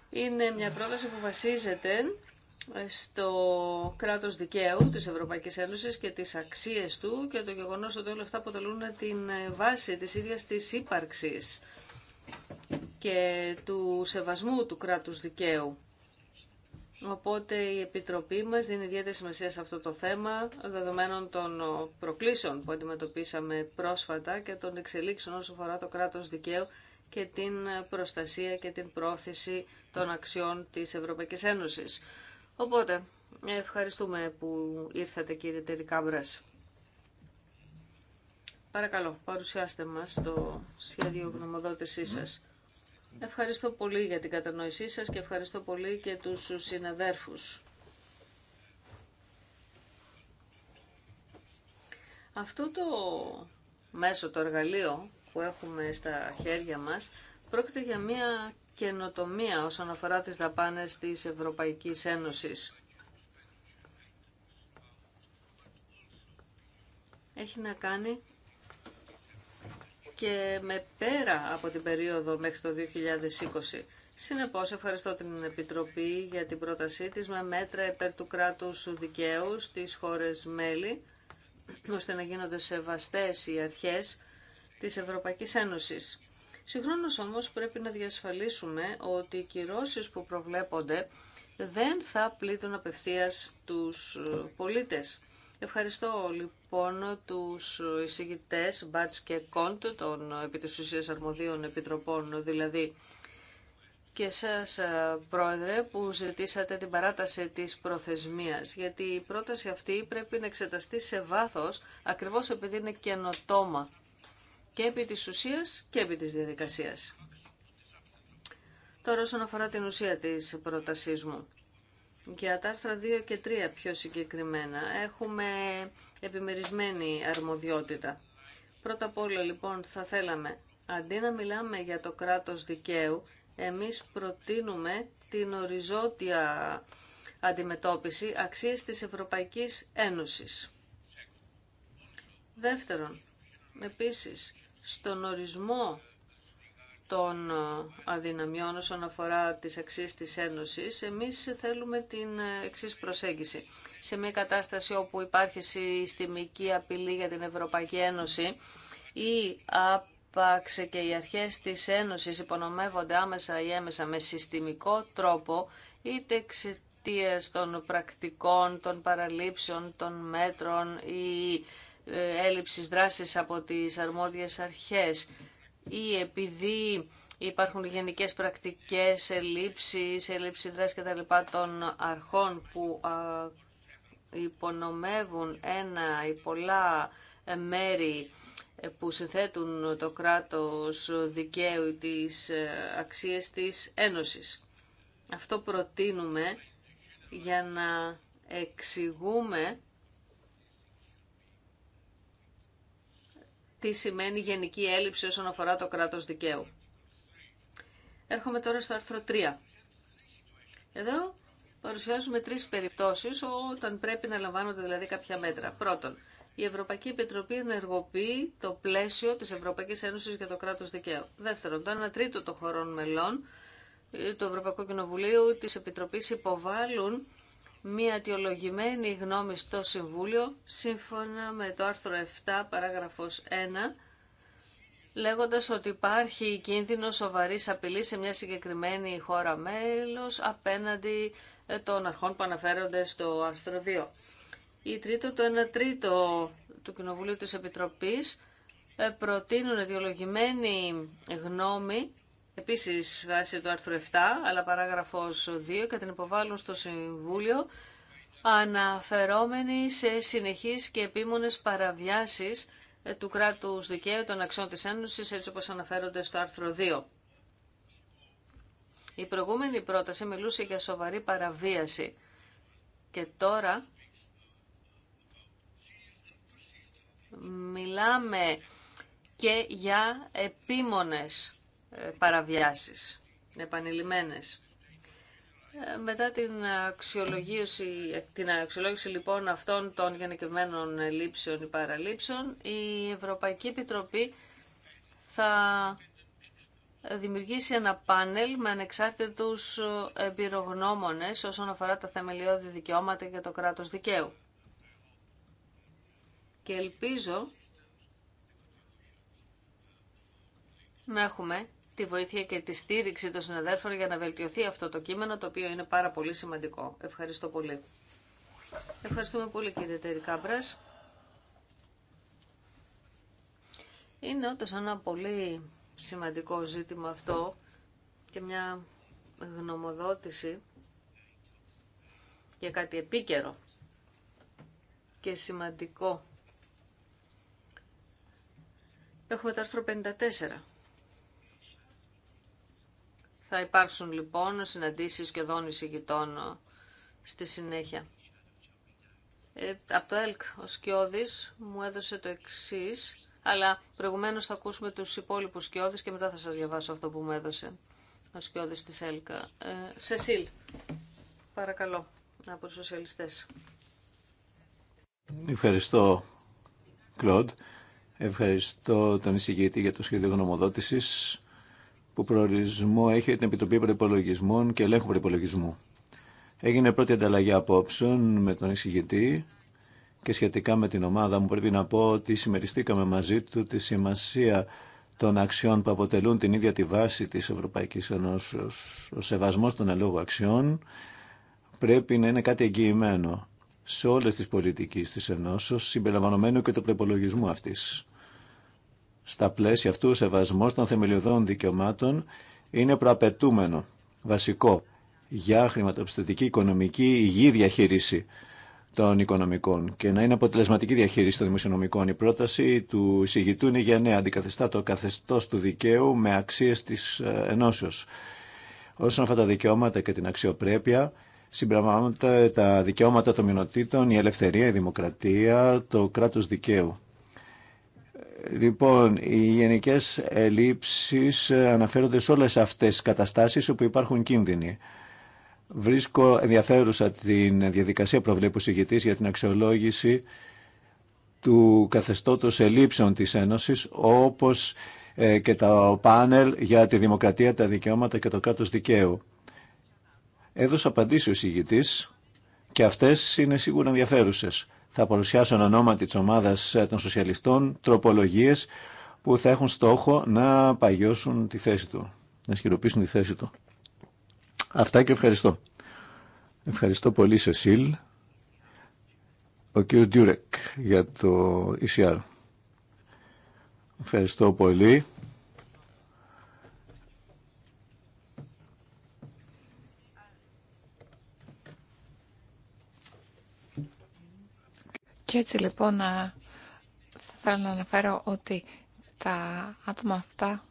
Speaker 4: Είναι μια πρόταση που βασίζεται στο κράτος δικαίου της Ευρωπαϊκής Ένωσης και τις αξίες του και το γεγονός ότι όλα αυτά αποτελούν την βάση της ίδιας της ύπαρξης και του σεβασμού του κράτους δικαίου. Οπότε η Επιτροπή μας δίνει ιδιαίτερη σημασία σε αυτό το θέμα, δεδομένων των προκλήσεων που αντιμετωπίσαμε πρόσφατα και των εξελίξεων όσο αφορά το κράτος δικαίου και την προστασία και την πρόθεση των αξιών της Ευρωπαϊκής Ένωσης. Οπότε, ευχαριστούμε που ήρθατε κύριε Τερικάμπρας. Παρακαλώ, παρουσιάστε μας το σχέδιο γνωμοδότησής σας. Ευχαριστώ πολύ για την κατανόησή σας και ευχαριστώ πολύ και τους συναδέρφους. Αυτό το μέσο, το εργαλείο που έχουμε στα χέρια μας, πρόκειται για μια καινοτομία όσον αφορά τις δαπάνες της Ευρωπαϊκής Ένωσης. Έχει να κάνει και με πέρα από την περίοδο μέχρι το 2020. Συνεπώς ευχαριστώ την Επιτροπή για την πρότασή της με μέτρα υπέρ του κράτους δικαίου στις χώρες μέλη, ώστε να γίνονται σεβαστές οι αρχές της Ευρωπαϊκής Ένωσης. Συγχρόνως όμως πρέπει να διασφαλίσουμε ότι οι κυρώσεις που προβλέπονται δεν θα πλήττουν απευθείας τους ε, πολίτες. Ευχαριστώ λοιπόν τους εισηγητές Μπάτς και Κόντ των ε, επί αρμοδίων επιτροπών δηλαδή και σας ε, πρόεδρε που ζητήσατε την παράταση της προθεσμίας γιατί η πρόταση αυτή πρέπει να εξεταστεί σε βάθος ακριβώς επειδή είναι καινοτόμα και επί της ουσίας και επί της διαδικασίας. Τώρα όσον αφορά την ουσία της πρότασής μου. Για τα άρθρα 2 και 3 πιο συγκεκριμένα έχουμε επιμερισμένη αρμοδιότητα. Πρώτα απ' όλα λοιπόν θα θέλαμε, αντί να μιλάμε για το κράτος δικαίου, εμείς προτείνουμε την οριζόντια αντιμετώπιση αξίες της Ευρωπαϊκής Ένωσης. Δεύτερον, επίσης, στον ορισμό των ε, αδυναμιών όσον αφορά τις αξίες της Ένωσης, εμείς θέλουμε την ε, εξή προσέγγιση. Σε μια κατάσταση όπου υπάρχει συστημική απειλή για την Ευρωπαϊκή Ένωση ή άπαξε και οι αρχές της Ένωσης υπονομεύονται άμεσα ή έμεσα με συστημικό τρόπο, είτε εξαιτία των πρακτικών, των παραλήψεων, των μέτρων ή ε, έλλειψης δράσης από τις αρμόδιες αρχές ή επειδή υπάρχουν γενικές πρακτικές ελλείψεις, έλλειψη δράσης λοιπά των αρχών που υπονομεύουν ένα ή πολλά ε, μέρη ε, που συνθέτουν το κράτος δικαίου ή τις αξίες της Ένωσης. Αυτό προτείνουμε για να εξηγούμε τι σημαίνει γενική έλλειψη όσον αφορά το κράτος δικαίου. Έρχομαι τώρα στο άρθρο 3. Εδώ παρουσιάζουμε τρεις περιπτώσεις όταν πρέπει να λαμβάνονται δηλαδή κάποια μέτρα. Πρώτον, η Ευρωπαϊκή Επιτροπή ενεργοποιεί το πλαίσιο της Ευρωπαϊκής Ένωσης για το κράτος δικαίου. Δεύτερον, το 1 τρίτο των χωρών μελών ε, του Ευρωπαϊκού Κοινοβουλίου της Επιτροπής υποβάλλουν μια αιτιολογημένη γνώμη στο Συμβούλιο σύμφωνα με το άρθρο 7 παράγραφος 1 λέγοντας ότι υπάρχει κίνδυνο σοβαρής απειλής σε μια συγκεκριμένη χώρα μέλος απέναντι ε, των αρχών που αναφέρονται στο άρθρο 2. Η τρίτο, το 1 τρίτο του Κοινοβουλίου της Επιτροπής ε, προτείνουν αιτιολογημένη γνώμη Επίσης, βάσει του άρθρου 7, αλλά παράγραφος 2, και την υποβάλλουν στο Συμβούλιο, αναφερόμενοι σε συνεχείς και επίμονες παραβιάσεις ε, του κράτους δικαίου των αξιών τη Ένωση, έτσι όπως αναφέρονται στο άρθρο 2. Η προηγούμενη πρόταση μιλούσε για σοβαρή παραβίαση και τώρα μιλάμε και για επίμονες ε, παραβιάσεις, επανειλημμένες. Ε, μετά την αξιολόγηση, την αξιολόγηση λοιπόν αυτών των γενικευμένων λήψεων ή παραλήψεων, η Ευρωπαϊκή Επιτροπή θα δημιουργήσει ένα πάνελ με ανεξάρτητους εμπειρογνώμονες όσον αφορά τα θεμελιώδη δικαιώματα και το κράτος δικαίου. Και ελπίζω να έχουμε τη βοήθεια και τη στήριξη των συναδέρφων για να βελτιωθεί αυτό το κείμενο, το οποίο είναι πάρα πολύ σημαντικό. Ευχαριστώ πολύ. Ευχαριστούμε πολύ κύριε Κάμπρας. Είναι όντως ένα πολύ σημαντικό ζήτημα αυτό και μια γνωμοδότηση για κάτι επίκαιρο και σημαντικό. Έχουμε το άρθρο 54 θα υπάρξουν λοιπόν συναντήσεις και δόνηση γειτών ε, στη συνέχεια. Ε, από το ΕΛΚ ο Σκιώδης μου έδωσε το εξή, αλλά προηγουμένως θα ακούσουμε τους υπόλοιπους Σκιώδης και μετά θα σας διαβάσω αυτό που μου έδωσε ο Σκιώδης της ΕΛΚ. Ε, Σεσίλ, παρακαλώ, από τους σοσιαλιστές.
Speaker 2: Ευχαριστώ, Κλοντ. Ευχαριστώ τον εισηγητή για το σχέδιο γνωμοδότησης που προορισμό έχει την Επιτροπή Προπολογισμών και Ελέγχου Προπολογισμού. Έγινε πρώτη ανταλλαγή απόψεων με τον εισηγητή και σχετικά με την ομάδα μου πρέπει να πω ότι συμμεριστήκαμε μαζί του τη σημασία των αξιών που αποτελούν την ίδια τη βάση της Ευρωπαϊκής Ενώσεως. Ο σεβασμός των ελόγου αξιών πρέπει να είναι κάτι εγγυημένο σε όλες τις πολιτικές της Ενώσεως, συμπεριλαμβανομένου και του προπολογισμού αυτής. Στα πλαίσια αυτού ο σεβασμό των θεμελιωδών δικαιωμάτων είναι προαπαιτούμενο, βασικό, για χρηματοπιστωτική, οικονομική, υγιή διαχείριση των οικονομικών και να είναι αποτελεσματική διαχείριση των δημοσιονομικών. Η πρόταση του εισηγητού είναι για νέα, αντικαθιστά το καθεστώ του δικαίου με αξίε τη ε, ενώσεω. Όσον αφορά τα δικαιώματα και την αξιοπρέπεια, συμπραγματεύονται τα δικαιώματα των μειονοτήτων, η ελευθερία, η δημοκρατία, το κράτο δικαίου. Λοιπόν, οι γενικές ελλείψεις ε, αναφέρονται σε όλες αυτές τις καταστάσεις όπου υπάρχουν κίνδυνοι. Βρίσκω ενδιαφέρουσα την διαδικασία προβλέπου συγητής για την αξιολόγηση του καθεστώτος ελλείψεων της Ένωσης, όπως ε, και τα πάνελ για τη δημοκρατία, τα δικαιώματα και το κράτος δικαίου. Έδωσε απαντήσει ο συγητής και αυτές είναι σίγουρα ενδιαφέρουσες θα παρουσιάσω εν ονόματι τη ομάδας ε, των σοσιαλιστών τροπολογίες που θα έχουν στόχο να παγιώσουν τη θέση του, να ισχυροποιήσουν τη θέση του. Αυτά και ευχαριστώ. Ευχαριστώ πολύ Σεσίλ, ο κύριος Ντιούρεκ για το ECR. Ευχαριστώ πολύ.
Speaker 3: Και έτσι λοιπόν ε, θέλω να αναφέρω ότι τα άτομα αυτά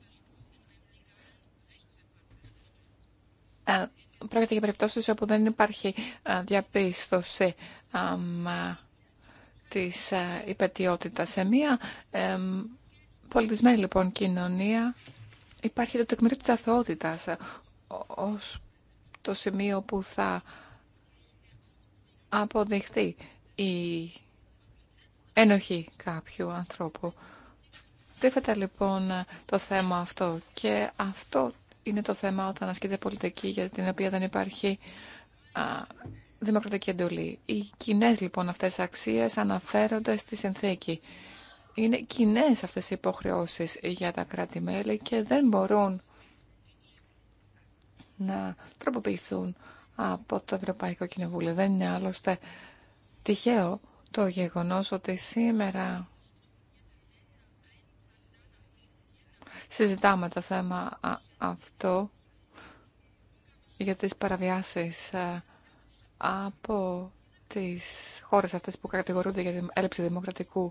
Speaker 3: ε, πρόκειται για περιπτώσεις όπου δεν υπάρχει ε, διαπίστωση της υπετιότητας. Σε μία πολιτισμένη λοιπόν κοινωνία υπάρχει το τεκμήριο της αθωότητας ως το σημείο που θα αποδειχθεί η ενοχή κάποιου ανθρώπου. Τίθεται λοιπόν το θέμα αυτό και αυτό είναι το θέμα όταν ασκείται πολιτική για την οποία δεν υπάρχει α, δημοκρατική εντολή. Οι κοινέ λοιπόν αυτές αξίες αναφέρονται στη συνθήκη. Είναι κοινέ αυτές οι υποχρεώσεις για τα κράτη-μέλη και δεν μπορούν να τροποποιηθούν από το Ευρωπαϊκό Κοινοβούλιο. Δεν είναι άλλωστε τυχαίο το γεγονός ότι σήμερα συζητάμε το θέμα αυτό για τις παραβιάσεις ε, από τις χώρες αυτές που κατηγορούνται για έλλειψη δημοκρατικού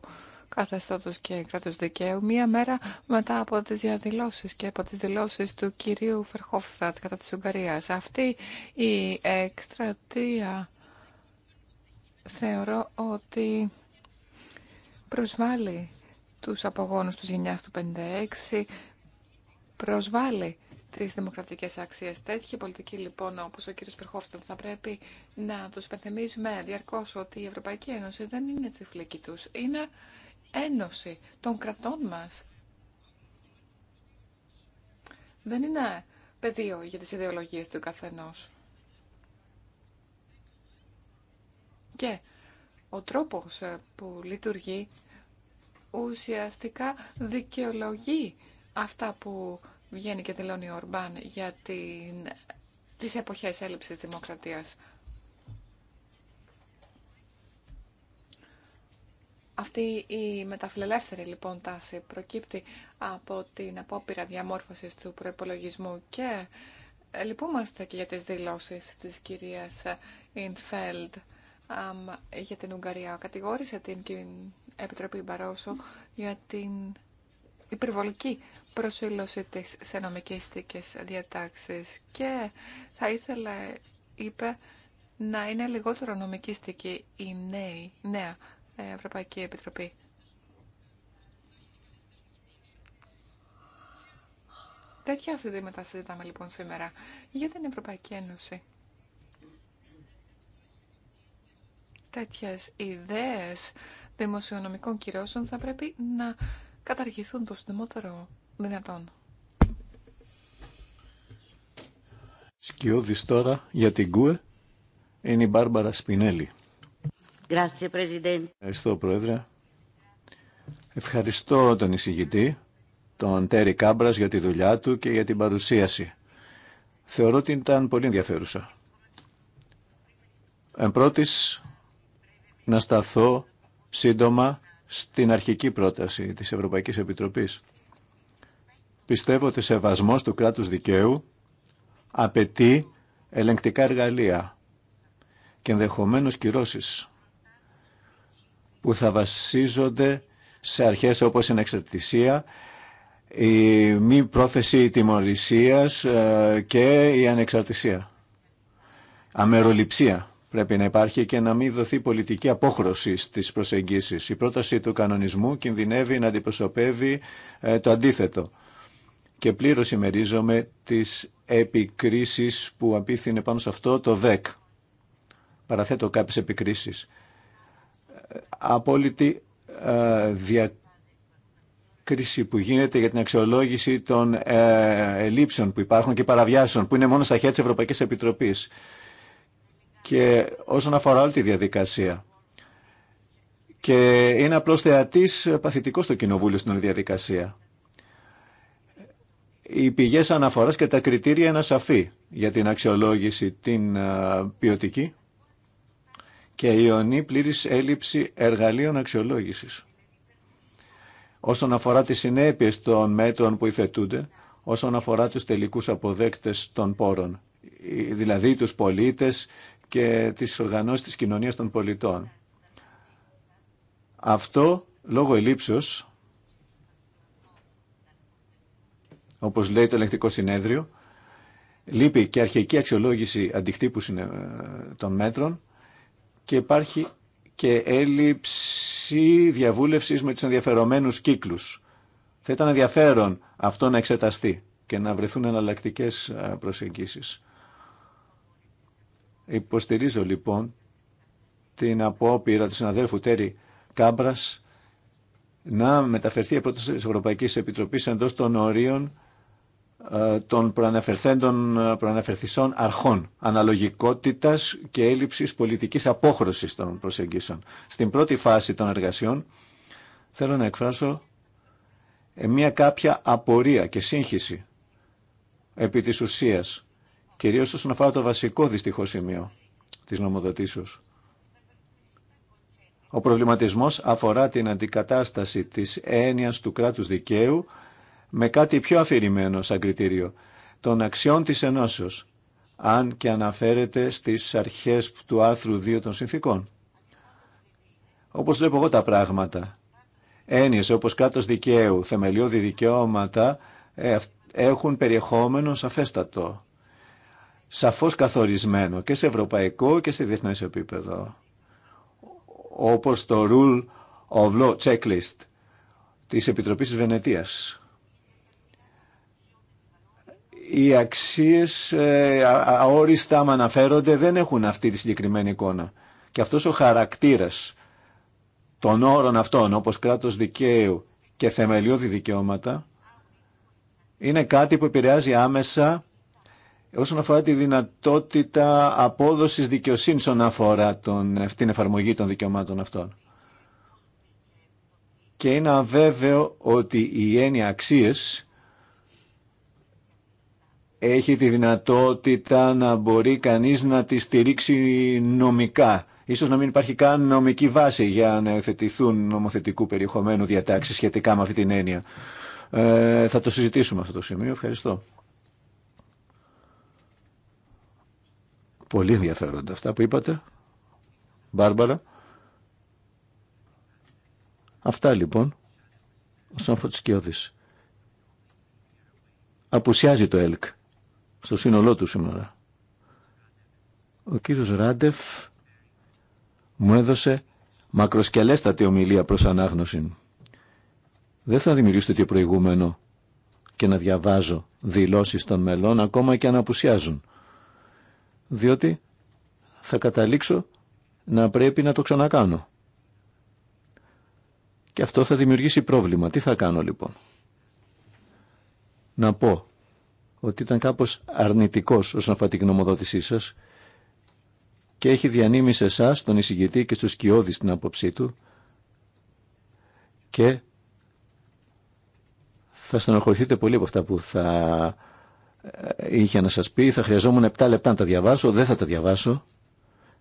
Speaker 3: καθεστώτος και κράτους δικαίου, μία μέρα μετά από τις διαδηλώσεις και από τις δηλώσεις του κυρίου Φερχόφστατ κατά της Ουγγαρίας. Αυτή η εκστρατεία θεωρώ ότι προσβάλλει τους απογόνους της γενιάς του 56, προσβάλλει τις δημοκρατικές αξίες. Τέτοιοι πολιτική λοιπόν όπως ο κύριος Φερχόφστον θα πρέπει να τους υπενθυμίζουμε διαρκώς ότι η Ευρωπαϊκή Ένωση δεν είναι τσιφλική τους, είναι ένωση των κρατών μας. Δεν είναι πεδίο για τις ιδεολογίες του καθενός. και ο τρόπος ε, που λειτουργεί ουσιαστικά δικαιολογεί αυτά που βγαίνει και δηλώνει ο Ορμπάν για την, τις εποχές έλλειψης δημοκρατίας. Αυτή η μεταφιλελεύθερη λοιπόν τάση προκύπτει από την απόπειρα διαμόρφωσης του προϋπολογισμού και ε, λυπούμαστε και για τις δηλώσεις της κυρίας Ιντφέλντ για την Ουγγαρία. Κατηγόρησε την Επιτροπή Μπαρόσο για την υπερβολική προσήλωση της σε νομικίστικες διατάξεις και θα ήθελα, είπε, να είναι λιγότερο νομικίστικη η νέη, νέα Ευρωπαϊκή Επιτροπή. Τέτοια συζήτηματα συζητάμε λοιπόν σήμερα για την Ευρωπαϊκή Ένωση. τέτοιες ιδέες δημοσιονομικών κυρώσεων θα πρέπει να καταργηθούν το συντομότερο δυνατόν.
Speaker 2: Σκιώδης τώρα για την ΚΟΕ είναι η Μπάρμπαρα Σπινέλη. Ευχαριστώ, Πρόεδρε. Ευχαριστώ τον εισηγητή, τον Τέρι Κάμπρας, για τη δουλειά του και για την παρουσίαση. Θεωρώ ότι ήταν πολύ ενδιαφέρουσα. Εν πρώτης, να σταθώ σύντομα στην αρχική πρόταση της Ευρωπαϊκής Επιτροπής. Πιστεύω ότι σεβασμός του κράτους δικαίου απαιτεί ελεγκτικά εργαλεία και ενδεχομένως κυρώσεις που θα βασίζονται σε αρχές όπως η ανεξαρτησία, η μη πρόθεση τιμωρησίας ε, και η ανεξαρτησία. Αμεροληψία πρέπει να υπάρχει και να μην δοθεί πολιτική απόχρωση στις προσεγγίσεις. Η πρόταση του κανονισμού κινδυνεύει να αντιπροσωπεύει ε, το αντίθετο. Και πλήρω ημερίζομαι τις επικρίσεις που απίθυνε πάνω σε αυτό το ΔΕΚ. Παραθέτω κάποιε επικρίσεις. Ε, απόλυτη ε, διακρίση που γίνεται για την αξιολόγηση των ελλείψεων που υπάρχουν και παραβιάσεων που είναι μόνο στα χέρια τη Ευρωπαϊκή Επιτροπή και όσον αφορά όλη τη διαδικασία. Και είναι απλώς θεατής παθητικός στο Κοινοβούλιο στην όλη διαδικασία. Οι πηγές αναφοράς και τα κριτήρια είναι σαφή για την αξιολόγηση την ποιοτική και η ιονή πλήρης έλλειψη εργαλείων αξιολόγησης. Όσον αφορά τις συνέπειες των μέτρων που υθετούνται, όσον αφορά τους τελικούς αποδέκτε των πόρων, δηλαδή τους πολίτε και τις οργανώσεις της κοινωνίας των πολιτών. Αυτό, λόγω ελλείψεως, όπως λέει το ελεκτικό συνέδριο, λείπει και αρχική αξιολόγηση αντιχτύπου των μέτρων και υπάρχει και έλλειψη διαβούλευσης με τους ενδιαφερομένους κύκλους. Θα ήταν ενδιαφέρον αυτό να εξεταστεί και να βρεθούν εναλλακτικέ ε, προσεγγίσεις. Υποστηρίζω λοιπόν την απόπειρα του συναδέλφου Τέρι Κάμπρα να μεταφερθεί η πρόταση τη Ευρωπαϊκή Επιτροπή των ορίων ε, των προαναφερθέντων ε, προαναφερθισών αρχών αναλογικότητας και έλλειψης πολιτικής απόχρωσης των προσεγγίσεων. Στην πρώτη φάση των εργασιών θέλω να εκφράσω ε, μια κάποια απορία και σύγχυση επί της ουσίας κυρίως όσον αφορά το βασικό δυστυχώ σημείο της νομοδοτήσεω. Ο προβληματισμός αφορά την αντικατάσταση της έννοια του κράτους δικαίου με κάτι πιο αφηρημένο σαν κριτήριο, των αξιών τη ενώσεω, αν και αναφέρεται στις αρχές του άρθρου 2 των συνθήκων. Όπως βλέπω εγώ τα πράγματα, έννοιε όπως κράτο δικαίου, θεμελιώδη δικαιώματα ε, έχουν περιεχόμενο σαφέστατο σαφώς καθορισμένο και σε ευρωπαϊκό και σε διεθνές επίπεδο. Όπως το Rule of Law Checklist της Επιτροπής της Βενετίας. Οι αξίες ε, αόριστα με αναφέρονται δεν έχουν αυτή τη συγκεκριμένη εικόνα. Και αυτός ο χαρακτήρας των όρων αυτών όπως κράτος δικαίου και θεμελιώδη δικαιώματα είναι κάτι που επηρεάζει άμεσα όσον αφορά τη δυνατότητα απόδοσης δικαιοσύνης όσον αφορά τον, την εφαρμογή των δικαιωμάτων αυτών. Και είναι αβέβαιο ότι η έννοια αξίες έχει τη δυνατότητα να μπορεί κανείς να τη στηρίξει νομικά. Ίσως να μην υπάρχει καν νομική βάση για να εθετηθούν νομοθετικού περιεχομένου διατάξεις σχετικά με αυτή την έννοια. Ε, θα το συζητήσουμε αυτό το σημείο. Ευχαριστώ. Πολύ ενδιαφέροντα αυτά που είπατε. Μπάρμπαρα. Αυτά λοιπόν. Ο Σόμφωτ Απουσιάζει το ΕΛΚ. Στο σύνολό του σήμερα. Ο κύριος Ράντεφ μου έδωσε μακροσκελέστατη ομιλία προς ανάγνωση. Δεν θα δημιουργήσω το προηγούμενο και να διαβάζω δηλώσεις των μελών ακόμα και αν απουσιάζουν διότι θα καταλήξω να πρέπει να το ξανακάνω. Και αυτό θα δημιουργήσει πρόβλημα. Τι θα κάνω λοιπόν. Να πω ότι ήταν κάπως αρνητικός όσον αφορά την γνωμοδότησή σας και έχει διανύμει σε εσά τον εισηγητή και στους σκιώδεις την άποψή του και θα στενοχωρηθείτε πολύ από αυτά που θα είχε να σας πει. Θα χρειαζόμουν 7 λεπτά να τα διαβάσω. Δεν θα τα διαβάσω.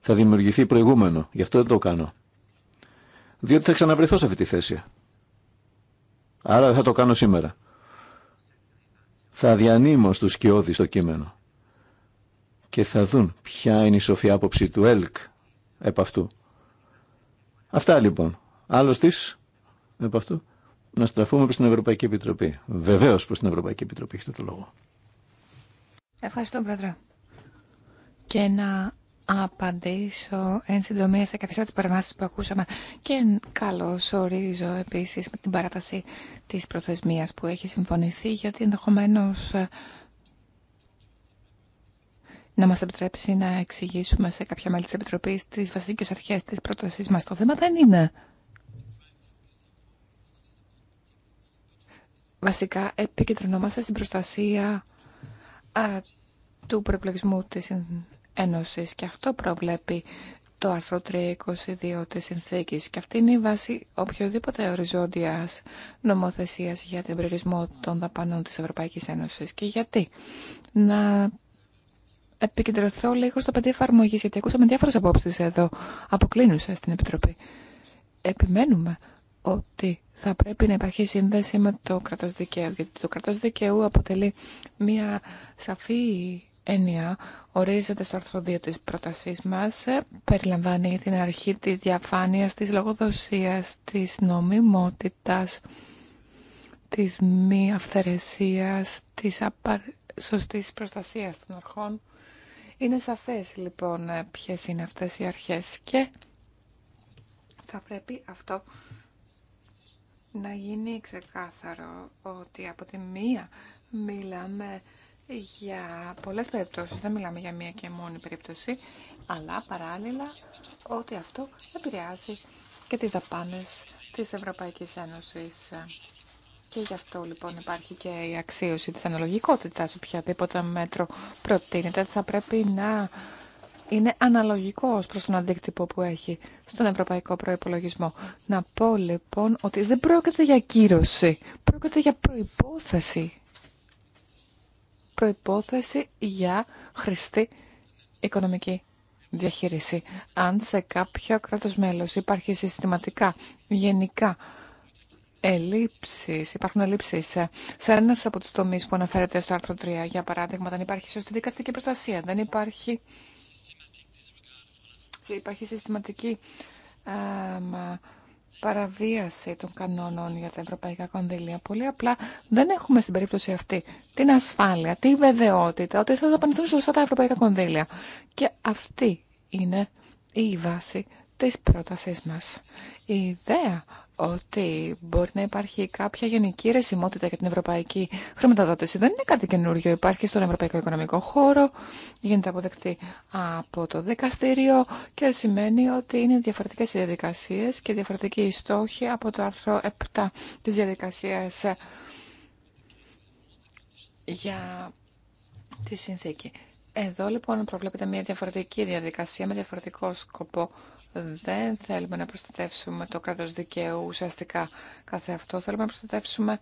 Speaker 2: Θα δημιουργηθεί προηγούμενο. Γι' αυτό δεν το κάνω. Διότι θα ξαναβρεθώ σε αυτή τη θέση. Άρα δεν θα το κάνω σήμερα. Θα διανύμω στους σκιώδεις το κείμενο. Και θα δουν ποια είναι η σοφή άποψη του ΕΛΚ επ' αυτού. Αυτά λοιπόν. Άλλωστε, επ' αυτού, να στραφούμε προς την Ευρωπαϊκή Επιτροπή. Βεβαίως προς την Ευρωπαϊκή Επιτροπή έχετε το λόγο.
Speaker 3: Ευχαριστώ, Πρόεδρε. Και να απαντήσω εν συντομία σε κάποιες από τις παρεμβάσει που ακούσαμε και καλώ ορίζω επίσης με την παράταση της προθεσμίας που έχει συμφωνηθεί γιατί ενδεχομένω ε, να μας επιτρέψει να εξηγήσουμε σε κάποια μέλη της Επιτροπής τις βασικές αρχές της πρότασής μας. Το θέμα δεν είναι βασικά επικεντρωνόμαστε στην προστασία του προεπλογισμού της Ένωσης και αυτό προβλέπει το άρθρο 322 της συνθήκης και αυτή είναι η βάση οποιοδήποτε οριζόντιας νομοθεσίας για την περιορισμό των δαπανών της Ευρωπαϊκής Ένωσης. Και γιατί να επικεντρωθώ λίγο στο παιδί εφαρμογή, γιατί ακούσαμε διάφορες απόψεις εδώ, αποκλίνουσα στην Επιτροπή. Επιμένουμε ότι θα πρέπει να υπάρχει σύνδεση με το κρατός δικαίου, γιατί το κρατός δικαίου αποτελεί μια σαφή έννοια, ορίζεται στο άρθρο της πρότασής μας, περιλαμβάνει την αρχή της διαφάνειας, της λογοδοσίας, της νομιμότητας, της μη αυθαιρεσίας, της απα... σωστής προστασίας των αρχών. Είναι σαφές λοιπόν ε, ποιες είναι αυτές οι αρχές και θα πρέπει αυτό να γίνει ξεκάθαρο ότι από τη μία μιλάμε για πολλές περιπτώσεις, δεν μιλάμε για μία και μόνη περίπτωση, αλλά παράλληλα ότι αυτό επηρεάζει και τις δαπάνες της Ευρωπαϊκής Ένωσης. Και γι' αυτό λοιπόν υπάρχει και η αξίωση της αναλογικότητας. Οποιαδήποτε μέτρο προτείνεται θα πρέπει να είναι αναλογικός προς τον αντίκτυπο που έχει στον ευρωπαϊκό προϋπολογισμό. Να πω λοιπόν ότι δεν πρόκειται για κύρωση, πρόκειται για προϋπόθεση. Προϋπόθεση για χρηστή οικονομική διαχείριση. Αν σε κάποιο κράτος μέλος υπάρχει συστηματικά, γενικά, Ελλείψεις, υπάρχουν ελλείψεις σε, ένα από τους τομείς που αναφέρεται στο άρθρο 3. Για παράδειγμα, δεν υπάρχει σωστή δικαστική προστασία, δεν υπάρχει υπάρχει συστηματική παραβίαση των κανόνων για τα ευρωπαϊκά κονδύλια. Πολύ απλά δεν έχουμε στην περίπτωση αυτή την ασφάλεια, τη βεβαιότητα ότι θα δαπανηθούν σωστά τα ευρωπαϊκά κονδύλια. Και αυτή είναι η βάση της πρότασής μας. Η ιδέα ότι μπορεί να υπάρχει κάποια γενική ρεσιμότητα για την ευρωπαϊκή χρηματοδότηση. Δεν είναι κάτι καινούριο. Υπάρχει στον ευρωπαϊκό οικονομικό χώρο, γίνεται αποδεκτή από το δικαστήριο και σημαίνει ότι είναι διαφορετικές οι διαδικασίες και διαφορετικοί οι στόχοι από το άρθρο 7 της διαδικασία για τη συνθήκη. Εδώ λοιπόν προβλέπεται μια διαφορετική διαδικασία με διαφορετικό σκοπό δεν θέλουμε να προστατεύσουμε το κράτος δικαίου ουσιαστικά κάθε αυτό. Θέλουμε να προστατεύσουμε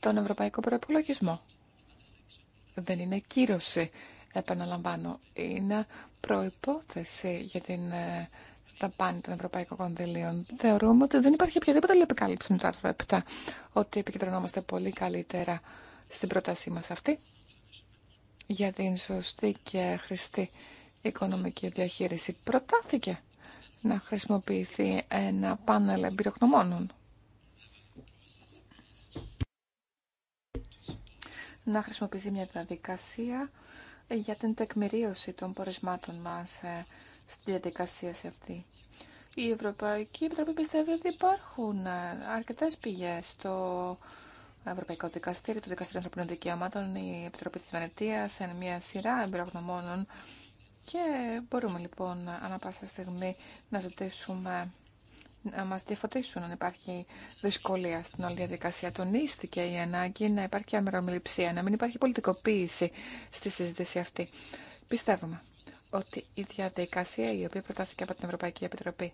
Speaker 3: τον ευρωπαϊκό προπολογισμό. Δεν είναι κύρωση, επαναλαμβάνω. Είναι προϋπόθεση για την ε, δαπάνη των ευρωπαϊκών κονδυλίων. Θεωρούμε ότι δεν υπάρχει οποιαδήποτε άλλη με το άρθρο 7, ότι επικεντρωνόμαστε πολύ καλύτερα στην πρότασή μας αυτή για την σωστή και χρηστή οικονομική διαχείριση. Προτάθηκε να χρησιμοποιηθεί ένα πάνελ εμπειρογνωμόνων. Να χρησιμοποιηθεί μια διαδικασία για την τεκμηρίωση των πορισμάτων μας ε, στη διαδικασία σε αυτή. Η Ευρωπαϊκή Επιτροπή πιστεύει ότι υπάρχουν ε, αρκετές πηγές στο Ευρωπαϊκό Δικαστήριο, το Δικαστήριο Ανθρωπίνων Δικαιωμάτων, η Επιτροπή της Βενετίας, εν μια σειρά εμπειρογνωμόνων και μπορούμε λοιπόν ανά πάσα στιγμή να ζητήσουμε να μας διαφωτίσουν αν υπάρχει δυσκολία στην όλη διαδικασία. Τονίστηκε η ανάγκη να υπάρχει αμερομιληψία, να μην υπάρχει πολιτικοποίηση στη συζήτηση αυτή. Πιστεύουμε ότι η διαδικασία η οποία προτάθηκε από την Ευρωπαϊκή Επιτροπή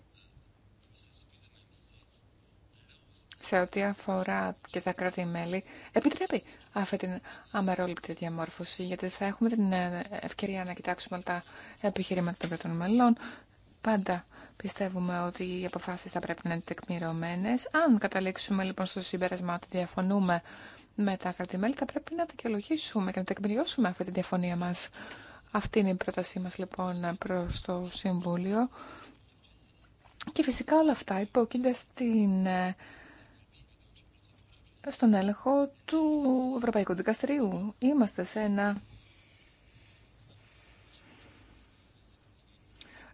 Speaker 3: σε ό,τι αφορά και τα κράτη-μέλη επιτρέπει αυτή την αμερόληπτη διαμόρφωση, γιατί θα έχουμε την ε, ευκαιρία να κοιτάξουμε τα επιχειρήματα των κρατών μελών. Πάντα πιστεύουμε ότι οι αποφάσεις θα πρέπει να είναι τεκμηρωμένες. Αν καταλήξουμε λοιπόν στο συμπέρασμα ότι διαφωνούμε με τα κράτη-μέλη, θα πρέπει να δικαιολογήσουμε και να τεκμηριώσουμε αυτή τη διαφωνία μας. Αυτή είναι η πρότασή μας λοιπόν προς το Συμβούλιο. Και φυσικά όλα αυτά υπόκεινται στην ε, στον έλεγχο του Ευρωπαϊκού Δικαστηρίου. Είμαστε σε ένα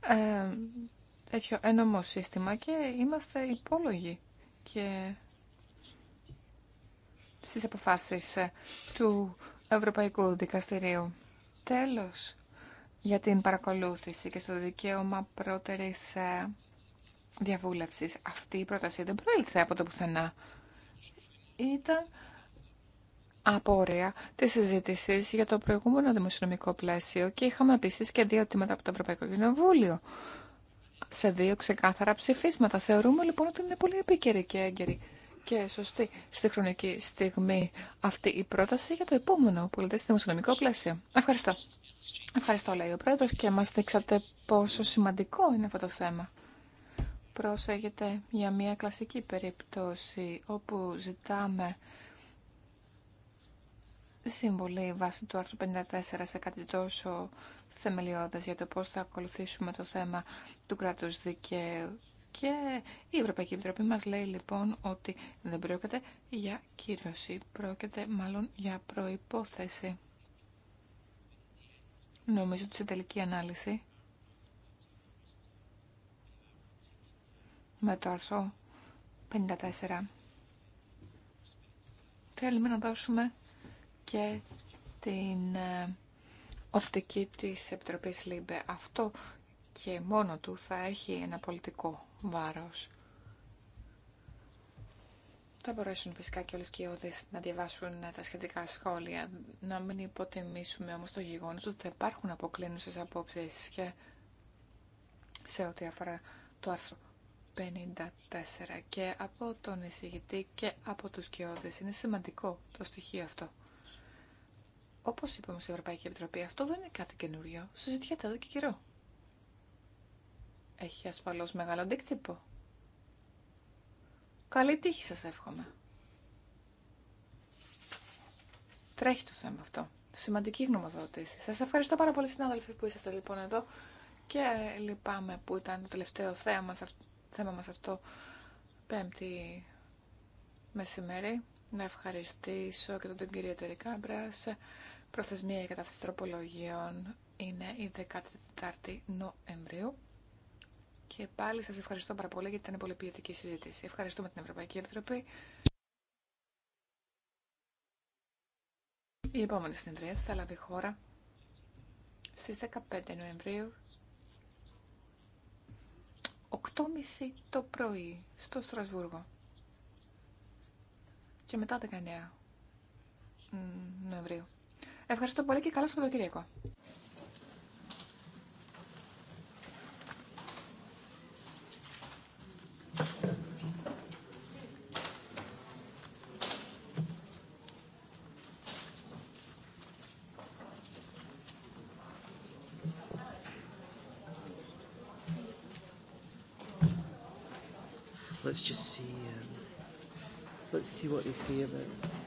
Speaker 3: ε, τέτοιο ένομο σύστημα και είμαστε υπόλογοι και στις αποφάσεις ε, του Ευρωπαϊκού Δικαστηρίου. Τέλος, για την παρακολούθηση και στο δικαίωμα πρώτερης ε, διαβούλευσης. Αυτή η πρόταση δεν προέλθε από το πουθενά ήταν απόρρια τη συζήτηση για το προηγούμενο δημοσιονομικό πλαίσιο και είχαμε επίση και δύο αιτήματα από το Ευρωπαϊκό Κοινοβούλιο σε δύο ξεκάθαρα ψηφίσματα. Θεωρούμε λοιπόν ότι είναι πολύ επίκαιρη και έγκαιρη και σωστή στη χρονική στιγμή αυτή η πρόταση για το επόμενο στη δημοσιονομικό πλαίσιο. Ευχαριστώ. Ευχαριστώ, λέει ο Πρόεδρο, και μα δείξατε πόσο σημαντικό είναι αυτό το θέμα προσέγεται για μια κλασική περίπτωση όπου ζητάμε συμβολή βάσει του άρθρου 54 σε κάτι τόσο θεμελιώδες για το πώς θα ακολουθήσουμε το θέμα του κράτους δικαίου. Και η Ευρωπαϊκή Επιτροπή μας λέει λοιπόν ότι δεν πρόκειται για κύρωση, πρόκειται μάλλον για προϋπόθεση. Νομίζω ότι σε τελική ανάλυση με το αρθρό 54. Θέλουμε να δώσουμε και την ε, οπτική της Επιτροπής ΛΥΜΠΕ. Αυτό και μόνο του θα έχει ένα πολιτικό βάρος. Θα μπορέσουν φυσικά και όλες και οι να διαβάσουν τα σχετικά σχόλια. Να μην υποτιμήσουμε όμως το γεγονός ότι θα υπάρχουν αποκλίνουσες απόψεις και σε ό,τι αφορά το άρθρο 54 και από τον εισηγητή και από τους κοιόδες. Είναι σημαντικό το στοιχείο αυτό. Όπως είπαμε στην Ευρωπαϊκή Επιτροπή, αυτό δεν είναι κάτι καινούριο. Συζητιέται εδώ και καιρό. Έχει ασφαλώς μεγάλο αντίκτυπο. Καλή τύχη σας εύχομαι. Τρέχει το θέμα αυτό. Σημαντική γνωμοδότηση. Σας ευχαριστώ πάρα πολύ συνάδελφοι που είσαστε λοιπόν εδώ και λυπάμαι που ήταν το τελευταίο θέμα αυτό θέμα μας αυτό πέμπτη μεσημέρι. Να ευχαριστήσω και τον κύριο Τερικά Μπρας. Προθεσμία για κατάθεση τροπολογίων είναι η 14η Νοεμβρίου. Και πάλι σας ευχαριστώ πάρα πολύ γιατί ήταν πολύ ποιητική συζήτηση. Ευχαριστούμε την Ευρωπαϊκή Επιτροπή. Η επόμενη ποιοτικη συζητηση ευχαριστουμε την ευρωπαικη επιτροπη η επομενη συνεδρια θα λάβει χώρα στις 15 Νοεμβρίου 8.30 το πρωί στο Στρασβούργο. Και μετά 19 Νοεμβρίου. Ευχαριστώ πολύ και καλό Σαββατοκύριακο.
Speaker 1: what you see